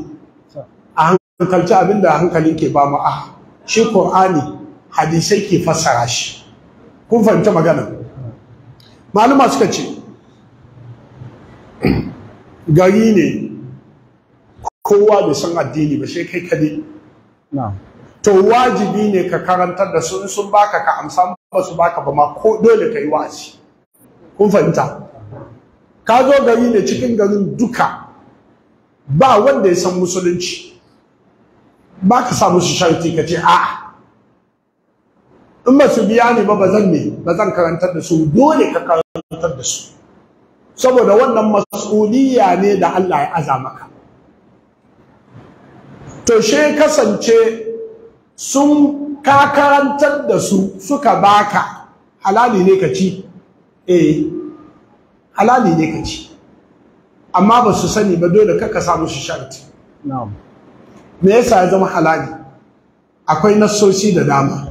a hankalci abinda hankalin ke ba mu a shi Qur'ani hadisai ke fassara shi kun fahimta magana maluma suka ce gari ne kowa bai san addini ba shi kai kadai to wajibi ne ka karantar da su in sun baka ka amsa ba su baka ba ma ko dole ka yi wa'azi kun fahimta ka zo gari ne cikin garin duka ba wanda ya san musulunci ba ka sa musu sharti ka ce a'a in ba su biya ni ba ba zan ne ba zan karantar da su dole ka karantar da su saboda wannan mas'uliyya ne da Allah ya aza maka to she kasance sun kakarantar da su suka baka halali ne ka ci eh halali ne ka ci amma ba su sani ba dole kaka samu su sharti me yasa ya zama halali akwai nassosi da dama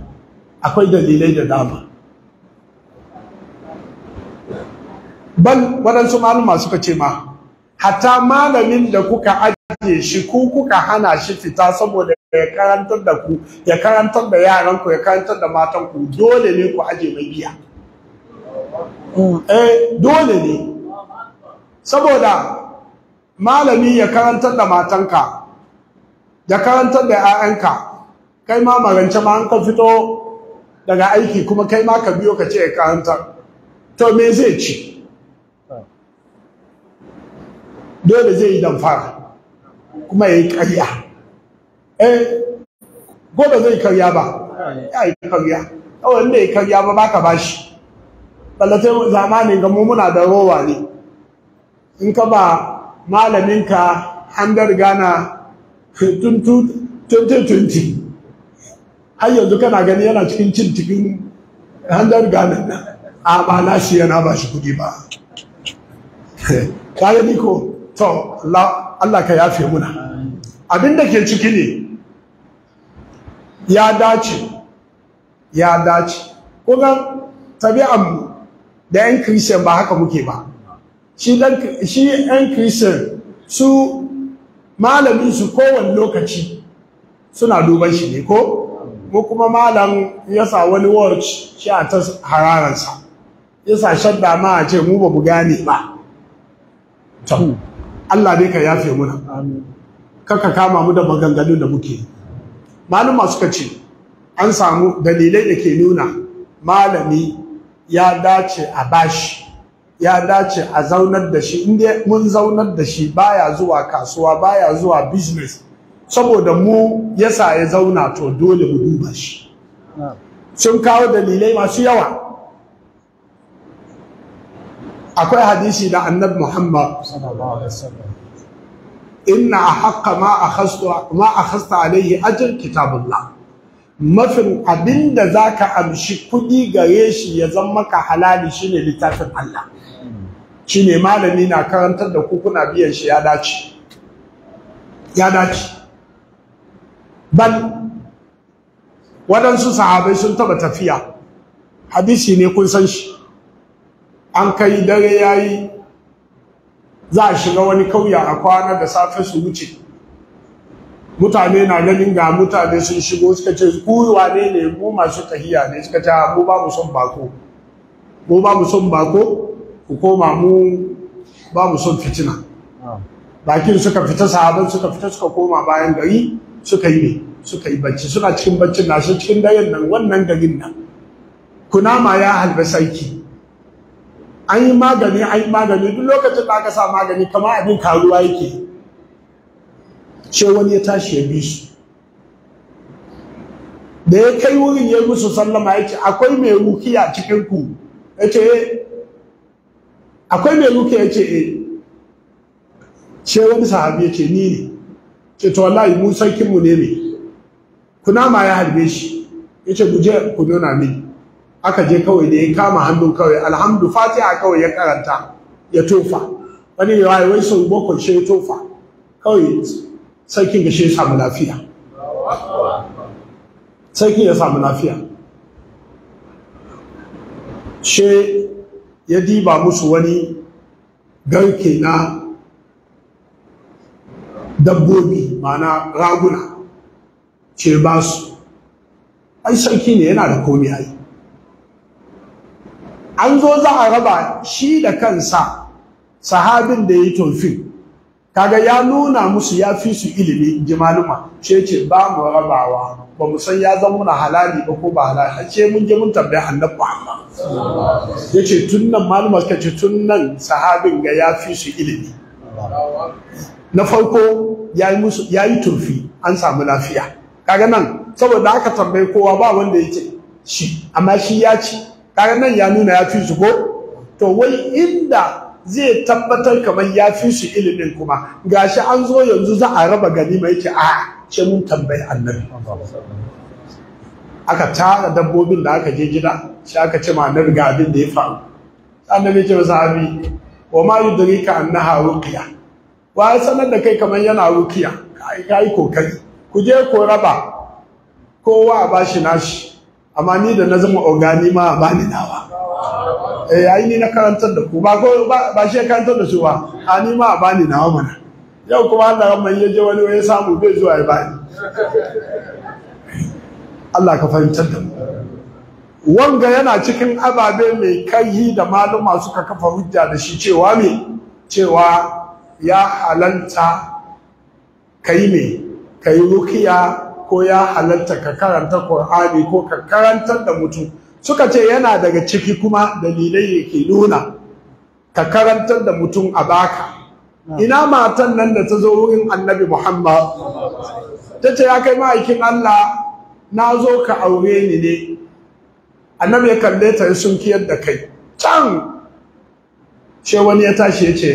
akwai dalilai da dama ban waɗansu maluma suka ce ma Hata malamin da kuka ajiye shi ku kuka hana shi fita saboda ya karantar da ku ya karantar da yaran ku ya karantar da matan ku dole ne ku aje mai biya eh dole ne saboda malami ya karantar da matanka ya karantar da 'ya'yanka kai ma magance ma an ka fito daga aiki kuma kai ma ka biyo ka ce ya karantar to me zai ci dole zai yi damfara kuma ya yi karya eh gobe zai karya ba ya yi karya kawai inda ya karya ba baka bashi ballatai zamanin ga mu muna da rowa ne in ka ba malaminka handar gana 2020 har yanzu kana gani yana cikin cin cikin handar Gana. a ba na shi yana ba shi kudi ba kayan niko to Allah ka yafe muna abinda ke ciki ne ya dace ya dace kuma tabi'an da yan christian ba haka muke ba shi yan christian su malamin su kowane lokaci suna duban shi ne ko mu kuma malam ya sa wani word shi a ta hararansa ya sa shadda ma a ce mu ba mu gane ba Allah dai ka yafe muna ka kama mu da maganganun da muke malama suka ce an samu dalilai da ke nuna malami ya dace a bashi ya dace a zaunar da shi inda mun zaunar da shi baya zuwa kasuwa baya zuwa business saboda mu yasa ya zauna to dole mu duba shi sun kawo dalilai masu yawa akwai hadisi da annabi Muhammad Inna a haƙa inna a ma a ma alaihi ajin kitabullah mafin abinda zaka amshi kudi gare shi ya zama maka halali shine littafin Allah Shi ne malami na karantar da kukuna biyan shi ya dace ya dace ban waɗansu sahabai sun taba tafiya hadisi ne kun san shi an kai dare yayi za a shiga wani kauya a kwana da safe su wuce mutane na ganin ga mutane sun shigo suka ce ku wane ne mu masu tahiya ne suka ta mu ba mu son bako mu ba mu son bako ku koma mu ba mu son fitina bakin suka fita sahaban suka fita suka koma bayan gari suka yi suka yi bacci suna cikin baccin nasu cikin dayan nan wannan garin nan kunama ya halbe sarki an yi magani an yi magani duk lokacin da aka sa magani kama abin karuwa yake ce wani ya tashi ya bi su da ya kai wurin ya musu sallama ya ce akwai mai rukiya cikin ku ya ce akwai mai rukiya ya ce eh ce eh. wani sahabi ya ce ni ne ce to wallahi mu sarkinmu ne ne kuna ma ya harbe shi ya ce ku je ku nuna mini aka je kawai da ya kama hannu kawai alhamdu fatiha kawai ya karanta ya tofa wani ya wai sun shi ya tofa kawai sarkin da shi ya samu lafiya sarkin ya samu lafiya shi ya diba musu wani garke na dabbobi mana raguna ce ba su ai sarki ne yana da komi an zo za a raba shi da kansa sahabin da ya yi kaga ya nuna musu ya fi su ilimi ji maluma ce ce ba mu rabawa ba mu san ya zama na halali ba ko ba halali a ce mun je mun tambaye annabi Muhammad ya ce tun nan maluma ce tun nan sahabin ga ya fi su ilimi na farko ya yi turfi an samu lafiya kaga nan saboda aka tambaye kowa ba wanda ya ce shi amma shi ya ci kaga nan ya nuna ya fi su ko to wai inda zai tabbatar kamar ya fi su ilimin kuma gashi an zo yanzu za a raba gani mai ke a ce mun tambayi annabi aka tara dabbobin da aka je gida shi aka ce ma annabi ga abin da ya faru annabi ce masa abi wa ma yudrika annaha ruqiya wa sanar da kai kamar yana ruqiya kai kai kokari ku je ko raba kowa a bashi nashi amma ni da na zama ogani ma ba ni nawa eh ai ni na karantar da ku ba ko ba shi karantar da su ba a ni ma ba ni nawa mana yau kuma Allah ran ya je wani ya samu bai zuwa ya bani Allah ka fahimtar da mu wanga yana cikin ababe mai kai da maluma suka kafa hujja da shi cewa me cewa ya halanta kai me kai rukiya ko ya halatta ka karanta Qur'ani ko ka karantar da mutum suka ce yana daga ciki kuma dalilai yake nuna ka karantar da mutum a baka ina matan nan da ta zo wurin Annabi Muhammad ta ce ya kai ma'aikin Allah na zo ka aure ni ne annabi ya kalle ta sun kiyar da kai can ce wani ya tashi ya ce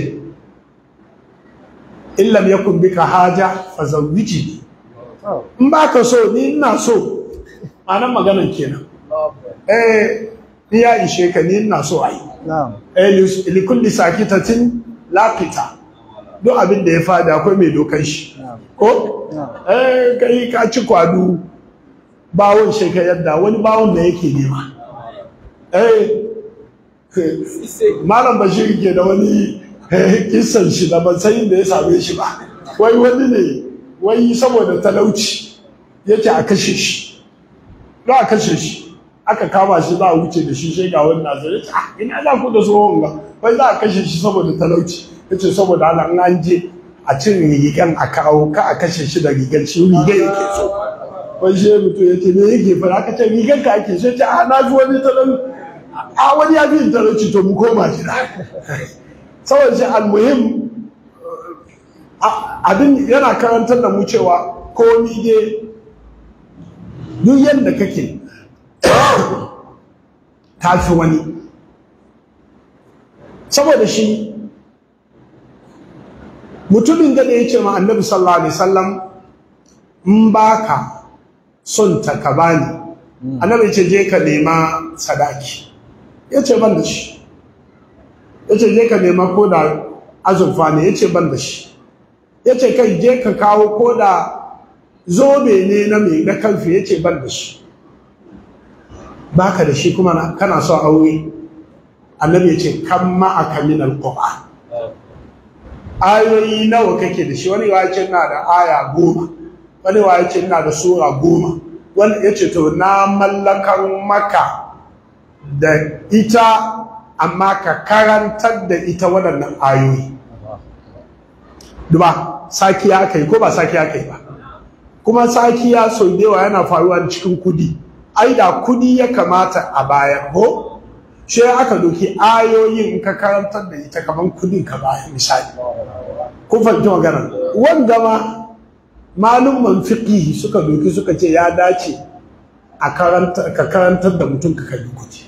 illam yakun ka haja fa zawwiji in ba ka so ni ina so a nan maganan kenan eh ni ya ishe ka ni ina so Likun eh ta sakitatin lafita Don abin da ya fada akwai mai dokan shi ko eh kai ka ci kwadu bawon shi yadda wani bawon da yake nema eh, malam bashir ke da wani eh, kisan shi da ban san inda ya same shi ba wai wani ne wai saboda talauci yake a kashe shi ba a kashe shi aka kama shi za a wuce da shi sai ga wani nazari ce ah, ina za ku da tsohon ba wai za a kashe shi saboda talauci ya ce saboda ala an je a cin rigan a kawo ka a kashe shi da rigan shi rigan yake so wai shi mutu ya ce me yake fara aka ce rigan ka ake shi ce a ah, na fi wani talauci a wani ya fi talauci to mu koma gida saboda shi al muhim. abin yana karantar da mu cewa komi dai duk yadda kake tafi wani saboda shi mutumin da da ya ce ma annabi sallallahu alaihi wasallam in baka son ta ka bani hmm. annabi ce je ka nema sadaki ya ce ban da shi ya ce je ka nema ko da azurfa ne ya ce ban da shi ya ce kai je ka kawo ko da zobe ne na mai na kalfi ya ce ban da shi baka da shi kuma kana son aure annabi ya ce kan ma'aka min alquran ayoyi nawa kake da shi wani ya ce na da aya goma wani ya ce na da sura goma wani ya ce to na mallakar maka da ita amma ka karantar da ita waɗannan ayoyi duba sakiya aka yi ko ba sakiya aka yi ba kuma sakiya sau da yana faruwa cikin kudi ai da kudi ya kamata a bayan ko shi aka doki ayoyin ka karantar da ita kamar kudin ka bayan misali kun fahimci magana wanda ma malumman fiqhi suka doki suka ce ya dace a ka karantar da mutum ka kalli kudi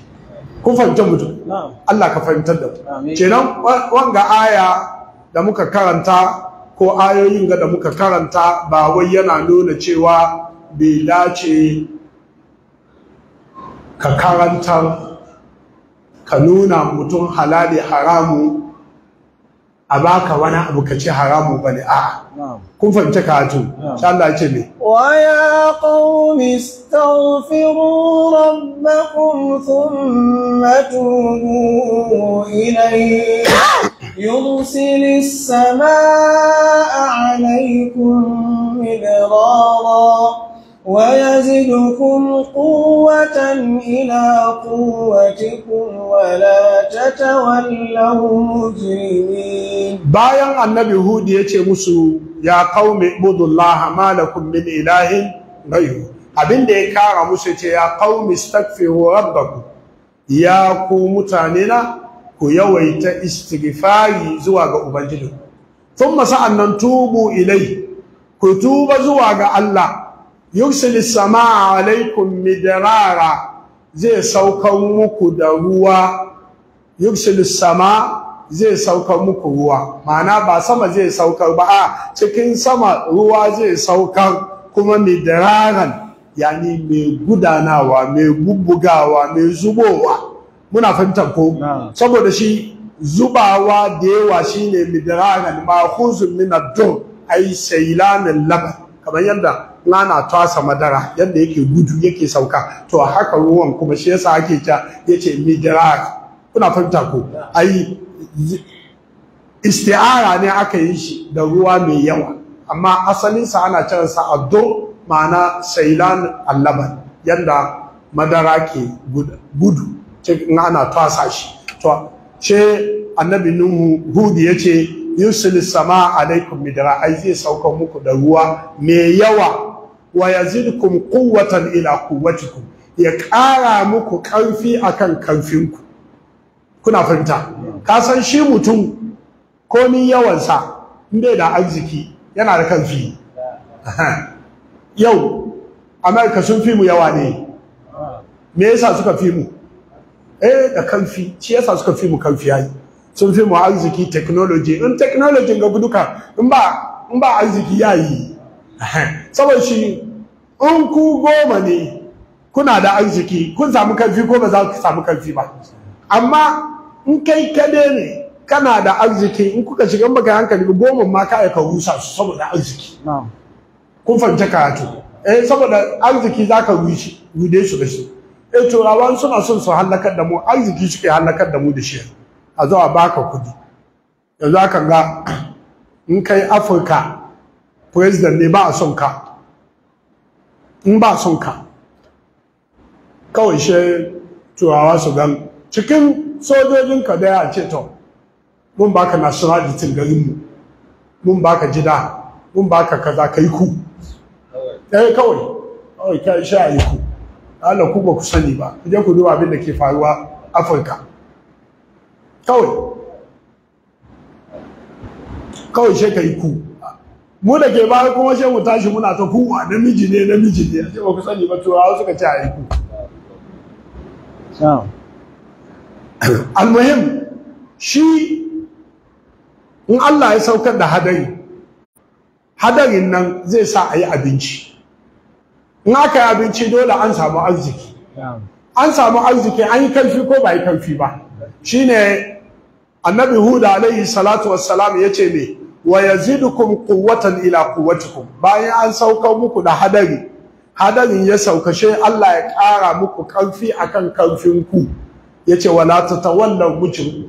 kun fahimci mutum Allah ka fahimtar da mu kenan wanga aya da muka karanta ko ayoyin ga da muka karanta ba wai yana nuna cewa bai dace ka karantar ka nuna mutum halali haramu a baka wani abu ka ce haramu ba ne a kun fahimci karatu sha Allah ce ne wa ya qaumi astaghfiru rabbakum sun matu ilai يرسل السماء عليكم مدرارا ويزدكم قوة إلى قوتكم ولا تتولوا مجرمين bayan annabi Hudi ya ce musu ya qaumi budullah ma lakum min ilahin abin da ya kara musu ce ya qaumi astaghfiru rabbakum ya ku mutane na ku yawaita istighfari zuwa ga ubangiji thumma sa'annan tubu ilai ku tuba zuwa ga Allah yursilu samaa alaikum midrara zai saukan muku da ruwa yursilu samaa zai saukar muku ruwa ma'ana ba sama zai saukar ba a cikin sama ruwa zai saukar kuma midararan yani mai gudanawa mai bubbugawa mai zubowa muna fahimtar ko saboda shi zubawa da yawa shine midraran mahuzun min a yi ay laba kamar yadda lana tasa madara yadda yake gudu yake sauka to haka ruwan kuma shi yasa ake ta yace midrar kuna fahimta ko ai isti'ara ne aka yi shi da ruwa mai yawa amma asalinsa ana cansa a do ma'ana a allaban yadda madara ke gudu ana tasa shi to ce annabi nuhu hudi yace ce sama alaikum midra ai zai sauka muku da ruwa mai yawa wa yazidukum quwwatan ila quwwatikum ya ƙara muku ƙarfi akan ƙarfinku kuna fahimta ka san shi mutum komin yawansa in bai da arziki yana da ƙarfi yau amerika sun fi mu yawa ne me yasa suka fi mu eh da kamfi shi yasa suka fi mu kamfi yayi sun fi mu arziki technology in technology ga guduka in ba in ba arziki yayi saboda shi in ku goma ne kuna da arziki kun samu kamfi ko ba za ku samu kamfi ba amma in kai kade ne kana da arziki in kuka shiga baka hankali goma ma ka aika rusa saboda arziki kun fahimta karatu eh saboda arziki zaka rushe rude su da shi ya eh, turawan suna son su halakar da mu arziki suke halakar da mu da shi a zo a baka kudi yanzu ka ga in kai afirka president ne ba a son ka in ba son ka kawai shi turawa su gan cikin ka da ya ce to mun baka nationality mu mun baka gida mun baka kaza kai ku eh, kawai kawai kai sha yi ku Allah ku ba ku sani ba ku je ku duba abin da ke faruwa Afirka kawai kawai shi ka yi ku mu da ke ba kuma shi mu tashi muna ta kuwa namiji ne namiji ne a ba ku sani ba turawa suka ce a yi ku almuhim shi in Allah ya saukar da hadari hadarin nan zai sa a yi abinci in aka yi abinci dole an samu arziki an samu arziki an yi karfi ko ba yi karfi ba shine annabi huda alaihi salatu wassalam ya ce me wa yazidukum quwwatan ila quwwatikum bayan an sauka muku da hadari hadarin ya sauka shi Allah ya ƙara muku karfi akan karfin ku yace wala tatawallaw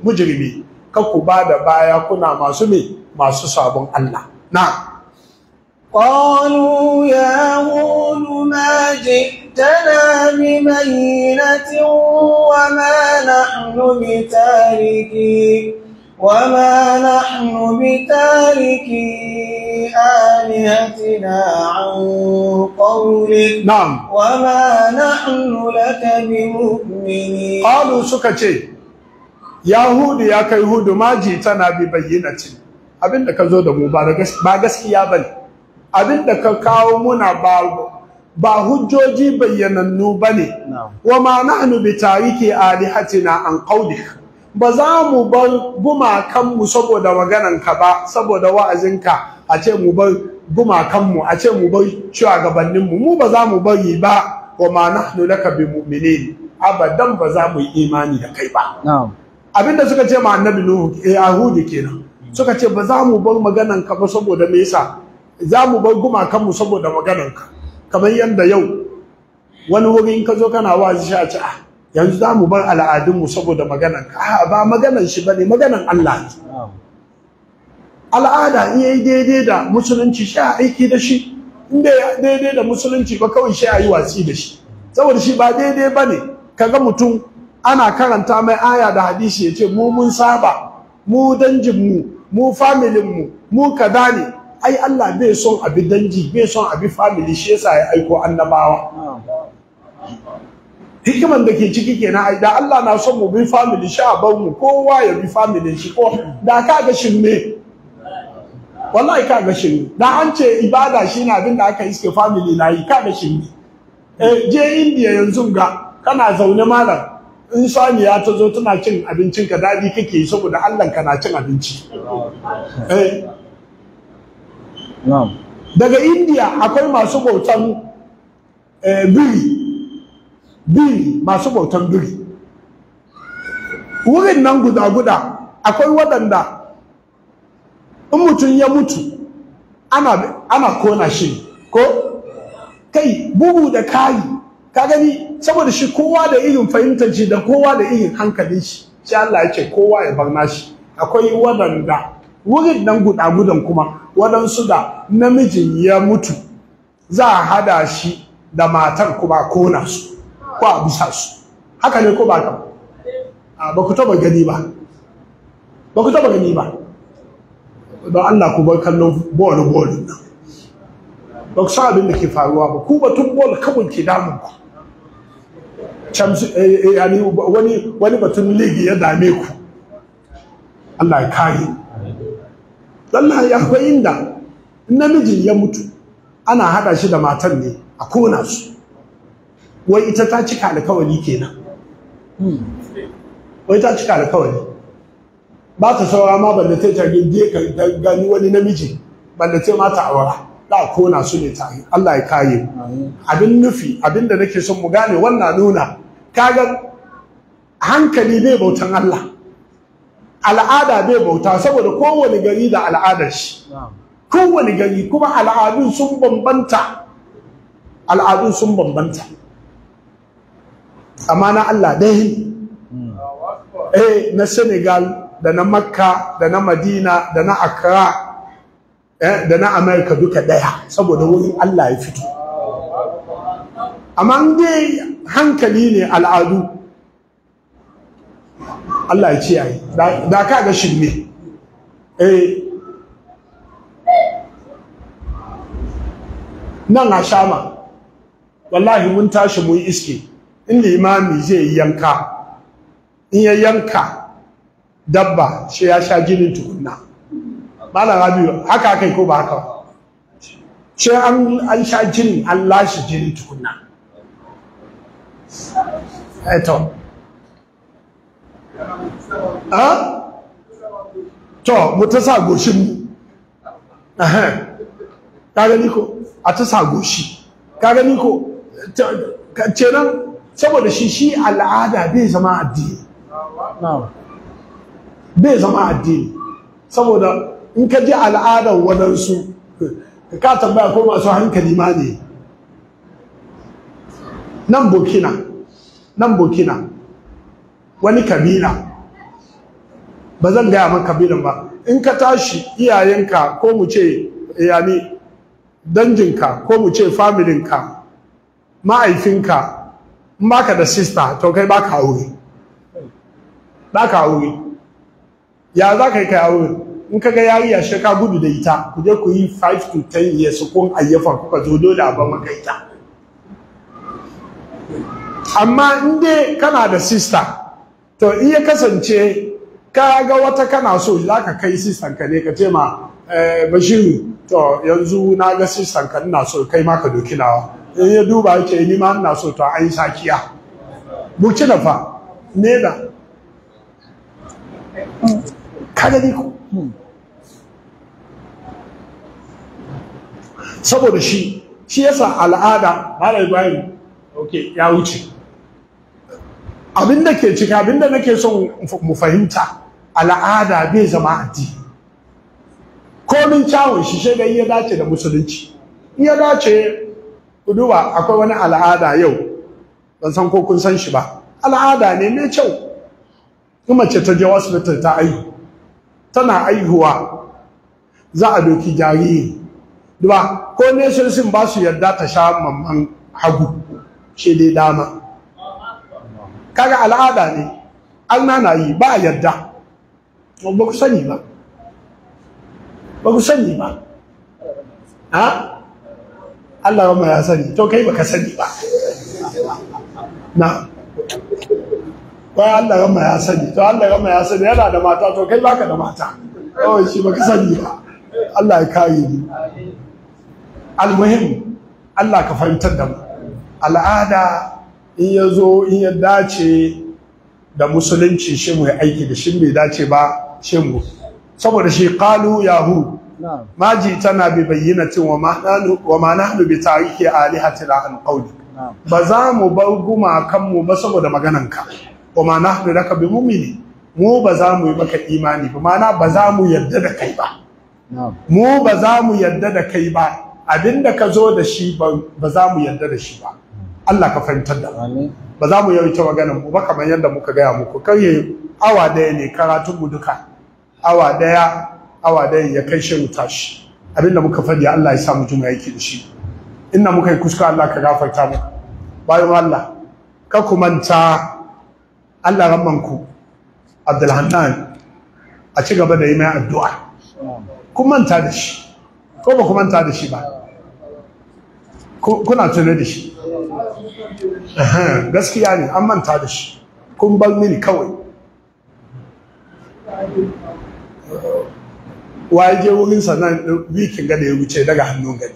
mujrimi kanku ba da baya kuna masu me masu sabon Allah na. قالوا يا هود ما جئتنا ببينة وما نحن بتاركي وما نحن بتاركي آلهتنا عن قولك نعم وما نحن لك بمؤمنين قالوا سكتي يا هود يا كيهود ما جئتنا ببينة abin da ka zo da mu ba gaskiya ba ne abin da ka kawo muna ba ba hujjoji bayyanannu ba ne wa ma nahnu bi tariki alihatina an qawlik ba za mu bar gumakanmu saboda maganarka ba saboda wa'azinka a ce mu bar gumakanmu a ce mu bar shugabanninmu mu ba za mu bari ba wa ma nahnu laka bi mu'minin abadan ba za mu yi imani da kai ba abinda suka ce ma annabi nuhu eh yahudi kenan hmm. suka ce ba za mu bar maganarka ba saboda me yasa za mu bar gumakanmu saboda maganarka kamar yadda yau wani wuri in ka zo kana wazi shi a ci a ah, yanzu za mu bar al'adunmu saboda maganarka a ba maganar shi ba ne maganar Allah al'ada in yayi daidai da musulunci shi a aiki da shi in bai daidai da musulunci ba kawai shi a yi watsi da shi saboda shi ba daidai ba ne ga mutum ana karanta mai aya da hadisi ya ce mu mun saba mu danjinmu mu familinmu mu kaza ne ai Allah bai son abi danji bai son abi family shi yasa ya aiko annabawa hikiman da ke ciki kenan ai da Allah na son mu bi family shi a mu kowa ya bi family shi ko da ka ga shinne wallahi ka ga shinne da an ce ibada shi shine abin da aka iske family na yi ka ga ne eh je India yanzu ga kana zaune malam in saniya ta zo tana cin abincin ka dadi kake saboda Allah ka na cin abinci eh daga India akwai masu bautan eh, biri biri masu bautan biri wurin nan guda-guda akwai waɗanda in mutum ya mutu ana kona shi ko kai bugu da kayi ka gani saboda shi kowa da irin fahimtar shi da kowa da irin hankalin shi shi Allah ya ce kowa ya bar nashi akwai waɗanda wurin nan guda-gudan kuma waɗansu da namijin ya mutu za a hada shi da matar kuma kona su ko a bisa su haka ne ko ba ka ba ku taba gani ba ba ku taba gani ba don Allah ku bar kallon bol bol nan ba ku san abin da ke faruwa ba ku batun bol kawai ke damun ku eh, eh, wani batun ligi ya dame ku Allah ya kare ya akwai inda namiji ya mutu ana hada shi da matan ne a kona su wai ita ta cika da alkawari kenan wai ta cika kawali ba ta saura ma balle ta ta je ka gani wani namiji balle ta mata aura da kona su ne ta Allah ya kaye abin nufi abin da nake son mu gane wannan nuna kaga hankali ne bautan Allah al'ada bai bauta saboda kowane gari da al'adar shi kowane gari kuma al'adun sun bambanta al'adun sun bambanta amma na Allah dai hmm. eh na Senegal da na Makka da na Madina da na Accra eh da na America duka daya saboda wurin Allah ya fito amma dai hankali ne al'adu Allah ya kiyaye da ka ga ne eh nan a shama wallahi mun tashi mun iske in limami zai yanka in ya yanka dabba shi ya sha jinin tukunna malam rabiu haka kai ko ba haka shi an an sha jinin an lashe jinin tukunna eto eh ha? Ah? to mu ta sa goshin mu ka gani niko a ta sa goshi ka gani ce nan saboda shi shi al'ada bai zama addini bai zama addini saboda in ka ji al'adar waɗansu ka tambaya ko masu hankali ma ne nan burkina nan burkina wani kabila ba zan gaya man kabilan ba in ka tashi iyayenka ko mu ce yani danjinka ko mu ce familinka ma'aifinka in baka da sista to kai baka aure baka aure ya za ka yi kai aure in ka ga yariya shi ka gudu da ita ku je ku yi 5 to 10 years kun ayyafa kuka zo dole a ba maka ita amma in dai kana da sista to iya kasance ka ga wata kana so za ka kai sistan ka ne ka ce ma eh, bashiru to yanzu na ga sistan ka ina so kai ma ka doki nawa in ya duba ke ni ma ina so to an sakiya buci na fa ne da kada ni ku saboda shi shi yasa al'ada malam bayan ok ya wuce abinda ke ciki abinda nake son mu fahimta al'ada bai zama addini komin cawon shi sai dai ya dace da musulunci in ya dace duba akwai wani al'ada yau ban san ko kun san shi ba al'ada ne mai kyau Kuma ce ta je hospital ta aihu tana aihuwa za a doki jariri duba ko ne sun ba su yarda ta sha mamman hagu shi dai dama kaga al'ada ne alna na yi ba a yarda ba ku sani ba ba ku sani ba ha Allah ba ya sani to kai baka sani ba na wai Allah gama ya sani to Allah gama ya sani yana da mata to kai baka da mata kawai shi baka sani ba Allah ya kare ni almuhim Allah ka fahimtar da mu al'ada in ya zo in ya dace da musulunci shi mu aiki da shi bai dace ba shi mu saboda shi kalu yahu ma ji tana bi cin wa ma nahnu wa ma nahnu bi tarihi alihatina an qawli ba za mu bar kan mu ba saboda magananka wa ma nahnu laka bi mu'mini mu ba za mu yi maka imani ba mana ba za mu yarda da kai ba mu ba za mu yarda da kai ba abinda ka zo da shi ba za mu yarda da shi ba Allah ka fahimtar da ba za mu yawaita maganar mu ba kamar yadda muka gaya muku karye awa daya ne karatun mu duka awa daya awa daya ya kai shi mu tashi abinda muka faɗi Allah ya sa mu juma yake da shi inna muka yi kuskure Allah ka gafarta mu bayan Allah ka ku manta Allah rammanku Abdulhannan a ci gaba da yi mai addu'a kun manta da shi ko ba ku manta da shi ba kuna tunai da shi gaskiya ne an manta da shi kun bar mini kawai waye je wurin sannan wikin gada ya wuce daga hannun gani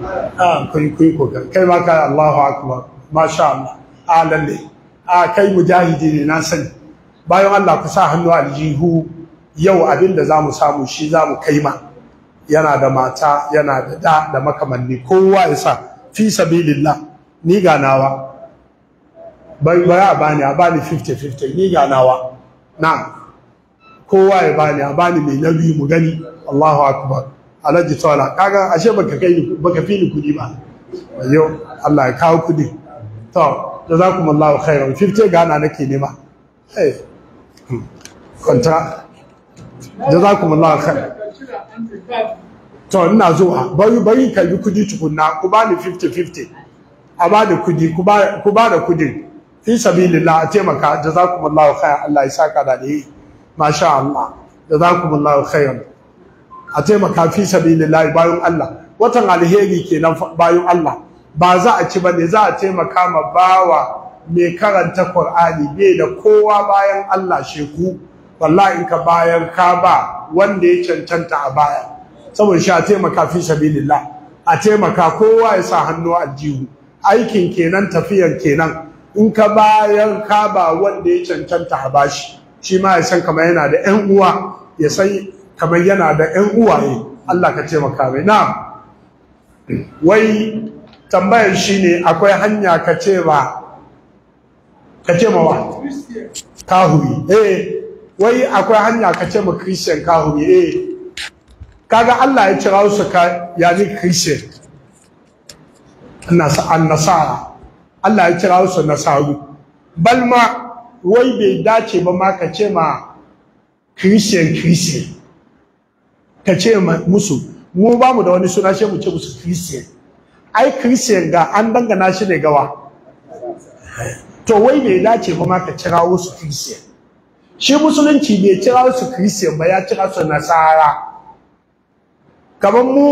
a ah, kun kun kokar kai ma ka Allahu akbar masha Allah a lalle a kai mujahidi ne na sani bayan Allah ku sa hannu aljihu yau abin da zamu samu shi zamu kai ma yana da mata yana da da da makamanni kowa ya sa fi sabilillah ni ganawa bai bai a bani a bani 50-50 ni ganawa na kowa ya bani a bani mai nabi mu gani Allahu akbar alhaji tsawala kaga ashe baka kai baka fi ni kudi ba yau Allah ya kawo kudi to mallawa khairan 50 gana nake nema kwanta da za ku mallawa khairan to ina zuwa bari bari kalbi kudi tukunna ku ba ni 50 50 a ba da kudi ku ba da kudi fi sabilillah a taimaka jazakumullahu khayar Allah ya sa ka da ne masha Allah jazakumullahu khayar a taimaka fi sabilillah bayan Allah watan alheri kenan bayan Allah ba za a ci ba ne, za a taimaka ma bawa mai karanta Qur'ani bai da kowa bayan Allah sheku wallahi in ka bayan ka ba wanda ya cancanta a baya saboda shi a taimaka fi sabilillah a taimaka kowa ya sa hannu a aljihu aikin kenan tafiyan kenan in ka bayan ka ba wanda ya cancanta a bashi shi ma ya san kamar yana da yan uwa ya san kamar yana da yan uwaye Allah ka taimaka mai na wai tambayar shi ne akwai hanya ka ce ba ka ce ma wa kahuri eh wai akwai hanya ka ce ma christian kahuri eh kaga Allah ya cira su ka ya ni an nasara Allah ya cira su nasaru bal ma wai bai dace ba ma ka ce ma krishe krishe ka ce musu mu ba mu da wani suna ce mu ce musu christian ai christian ga an dangana shi ne gawa to wai bai dace ba ma ka cira wasu christian shi musulunci bai cira su christian ba ya cira su nasara kaman mu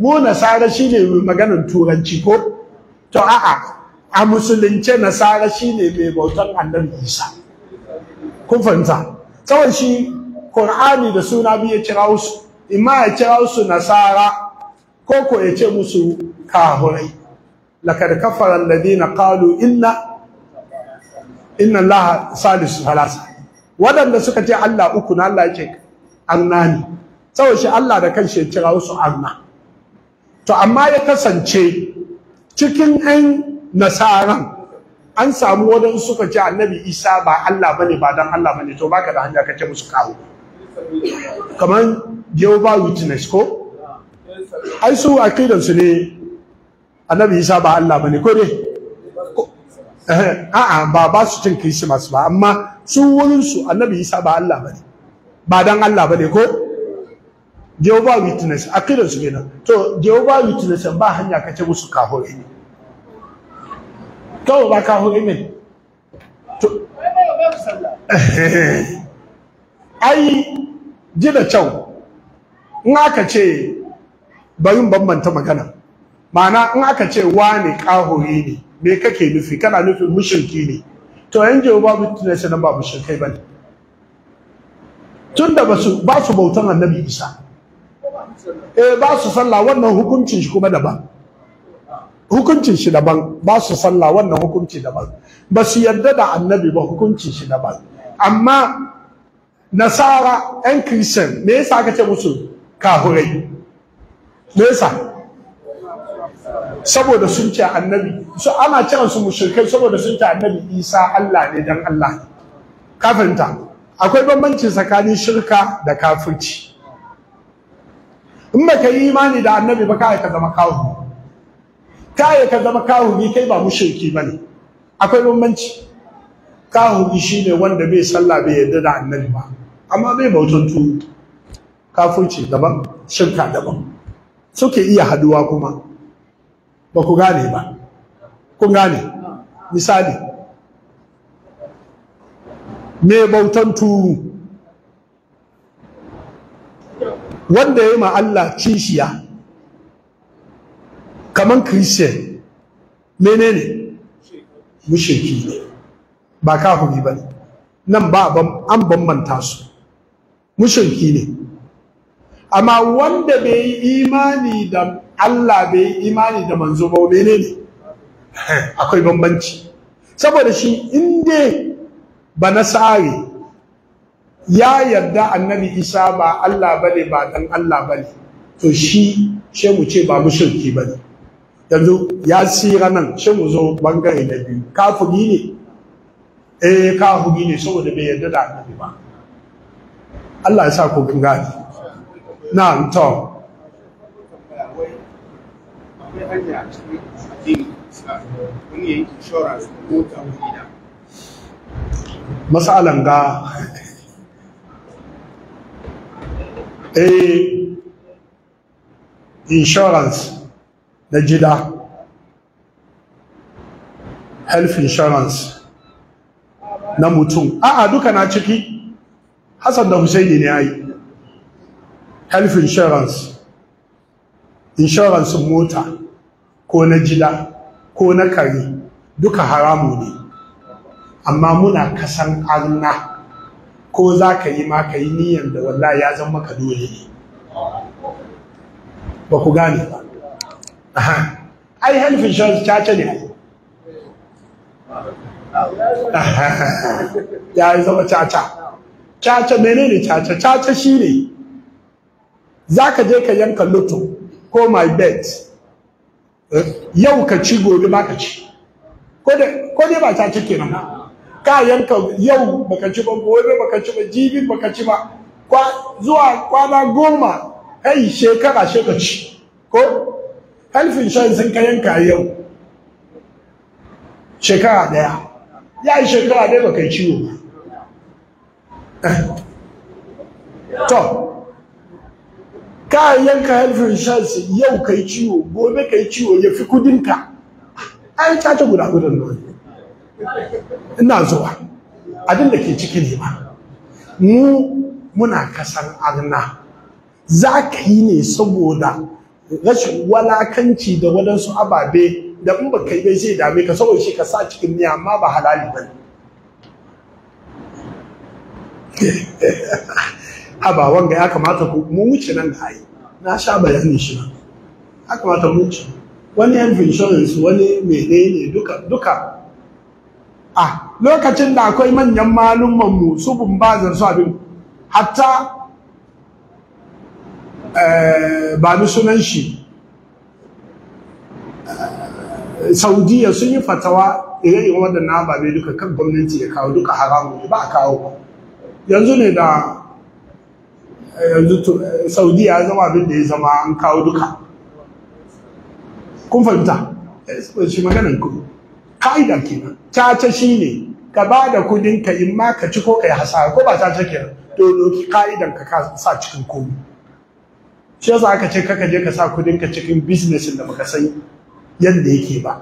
mu nasara shine mai maganar turanci ko to a'a a musulunce nasara shine mai bautan annabi isa kun fahimta saboda shi qur'ani da suna biyu ya kira su imma ya kira su nasara ko ko ya ce musu kahurai laqad kafara alladhina qalu inna inna allaha salisu thalatha wadanda suka ce Allah uku na Allah yake annani tsawon shi Allah da kanshi ya kira wasu arna to amma ya kasance cikin 'yan nasaran an samu waɗansu suka ce annabi isa ba Allah bane ba don Allah bane to baka da hanyar kace musu kawo kamar Jehovah witness ko ai su a su ne annabi isa ba Allah bane ko ne eh, a'a ba ba su cin kirismas ba amma su wurin su annabi Isa ba Allah bane ba don Allah bane ko Jehovah Witness a kiran su kenan to Jehovah Witness ba hanya ka ce musu kafirai ne to ba kafirai ne to ai ji da kyau in aka ce bari bambanta magana ma'ana in aka ce wane kahuri ne me kake nufi kana nufin mushriki ne to yan Jehovah Witness nan ba mushrikai bane tunda basu basu bautan Annabi Isa eh ba su sallah wannan hukuncin shi kuma daban hukuncin shi daban ba su sallah wannan hukunci daban ba su yarda da annabi ba hukuncin shi daban amma nasara yan christian me yasa aka ce musu kahurai me yasa saboda sun ce annabi su ana cewa su mushrikai saboda sun ce annabi isa allah ne dan allah kafinta akwai bambanci tsakanin shirka da kafirci in baka yi imani da annabi ba kai ka zama kawo kai ka zama kawo ni kai ba mushriki bane akwai bambanci kawo shi ne wanda bai sallah bai yarda da annabi ba amma bai bautan tu kafirci daban shirka daban suke iya haduwa kuma ba ku gane ba kun gane misali mai bautan turu wanda ya yi ma Allah kamar kaman christian menene mushinki ne ba kafin ba ne nan ba an bambanta su mushirki ne amma wanda bai yi imani da Allah bai yi imani da manzo ba menene akwai bambanci saboda shi in ba na sare ya yarda annabi isa ba Allah bane ba dan Allah bane to shi she mu ce ba mushirki bane yanzu ya tsira nan she mu zo bangare na biyu kafiri ne eh kafiri ne saboda bai yarda da annabi ba Allah ya sa ku gani na to Masalan ga Ee, insurance na gida health insurance na mutum a'a duka na ciki hassan da husaini ne ai health insurance insurance mota ko na gida ko na kare duka haramu ne amma muna kasan arna ko za ka yi ma ka yi niyan da wallahi ya zama maka dole ne ba ku gane ba aha ai health shan caca ne ai ya yi zama caca caca ne caca caca shi ne za ka je ka yanka loto ko my bet eh, yau ka ci gobe ba ka ci ko dai ba caca kenan kayanka yau baka ci ba gobe baka ci ba jibi baka ci ba Kwa zuwa kwana goma kai shekara shekara ci ko alfin shan sun ka yanka yau shekara daya ya yi shekara daya baka ciwo eh. to ka yanka alfin shan yau kai ciwo gobe kai ciwo ya fi kudinka ai ta ta guda gudan nan ina zuwa abin da ke cikin ne ba mu muna kasan arna za ka yi ne saboda rashin walakanci da waɗansu ababe da in baka yi bai zai dame ka saboda shi ka sa cikin miya amma ba halali ba ne. haba wanga ya kamata ku mu wuce nan da ayi na sha bayanin shi nan ya kamata mu wuce wani 'yan insurance wani ne duka duka a ah, lokacin da akwai manyan malumman mu su bumbazan su abin hatta eh, ba ni sunan shi eh, saudiya sun yi fatawa ire-iren ba ababe duka kan gwamnati ya kawo duka haramu ba a kawo yanzu ne da eh, yanzu saudiya ya zama abin da ya zama an kawo duka kun fahimta shi maganin kudu ke kenan caca shine ka ba da kudin ka in ma ka ci ko kai hasara ko ba caca kenan to doki ka'idan ka sa cikin komi. shi yasa aka ce kaka je ka sa kudin ka cikin business da baka san yadda yake ba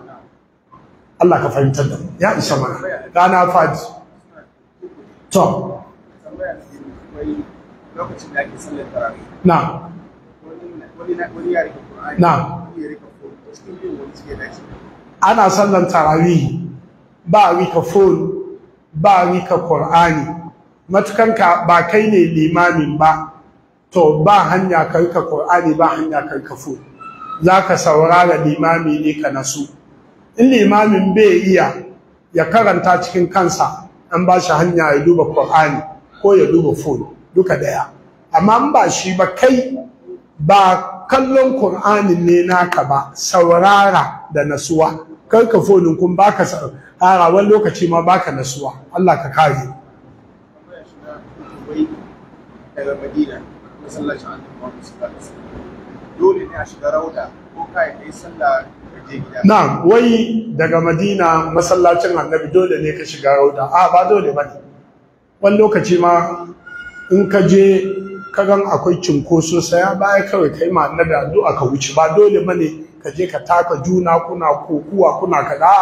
Allah ka fahimtar da mu ya isa mana rana fadi to na wani na ya rike Qur'ani na ya rike Qur'ani ana sallan tarawi ba a rika fon ba a rika ƙor'ani matukan ba kai ne limamin ba to ba hanya ka rika ƙor'ani ba hanya ka rika za zaka saurara limami ne ka nasu in limamin bai iya ya karanta cikin kansa an ba shi hanya ya duba ƙor'ani ko ya duba fon duka daya amma ba shi ba kai ba kallon Kur'anin ne naka ba saurara da nasuwa kar ka fonin kun baka saurara wani lokaci ma baka nasuwa Allah ka kare dole ne a shiga rauda ko kai kai sallah Na'am, wai daga Madina masallacin Annabi dole ne ka shiga rauda. A ba dole bane. Wani lokaci ma in ka je ka gan akwai cinkoso saya baya kawai kai ma na da addu'a ka wuce ba dole bane ka je ka taka juna kuna kokuwa kuna kada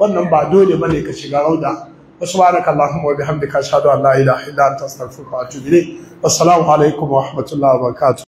wannan ba dole bane ka shiga rauda subhanaka allahumma wa bihamdika ashhadu an la ilaha illa anta astaghfiruka wa atubu ilayk assalamu alaikum wa rahmatullahi wa barakatuh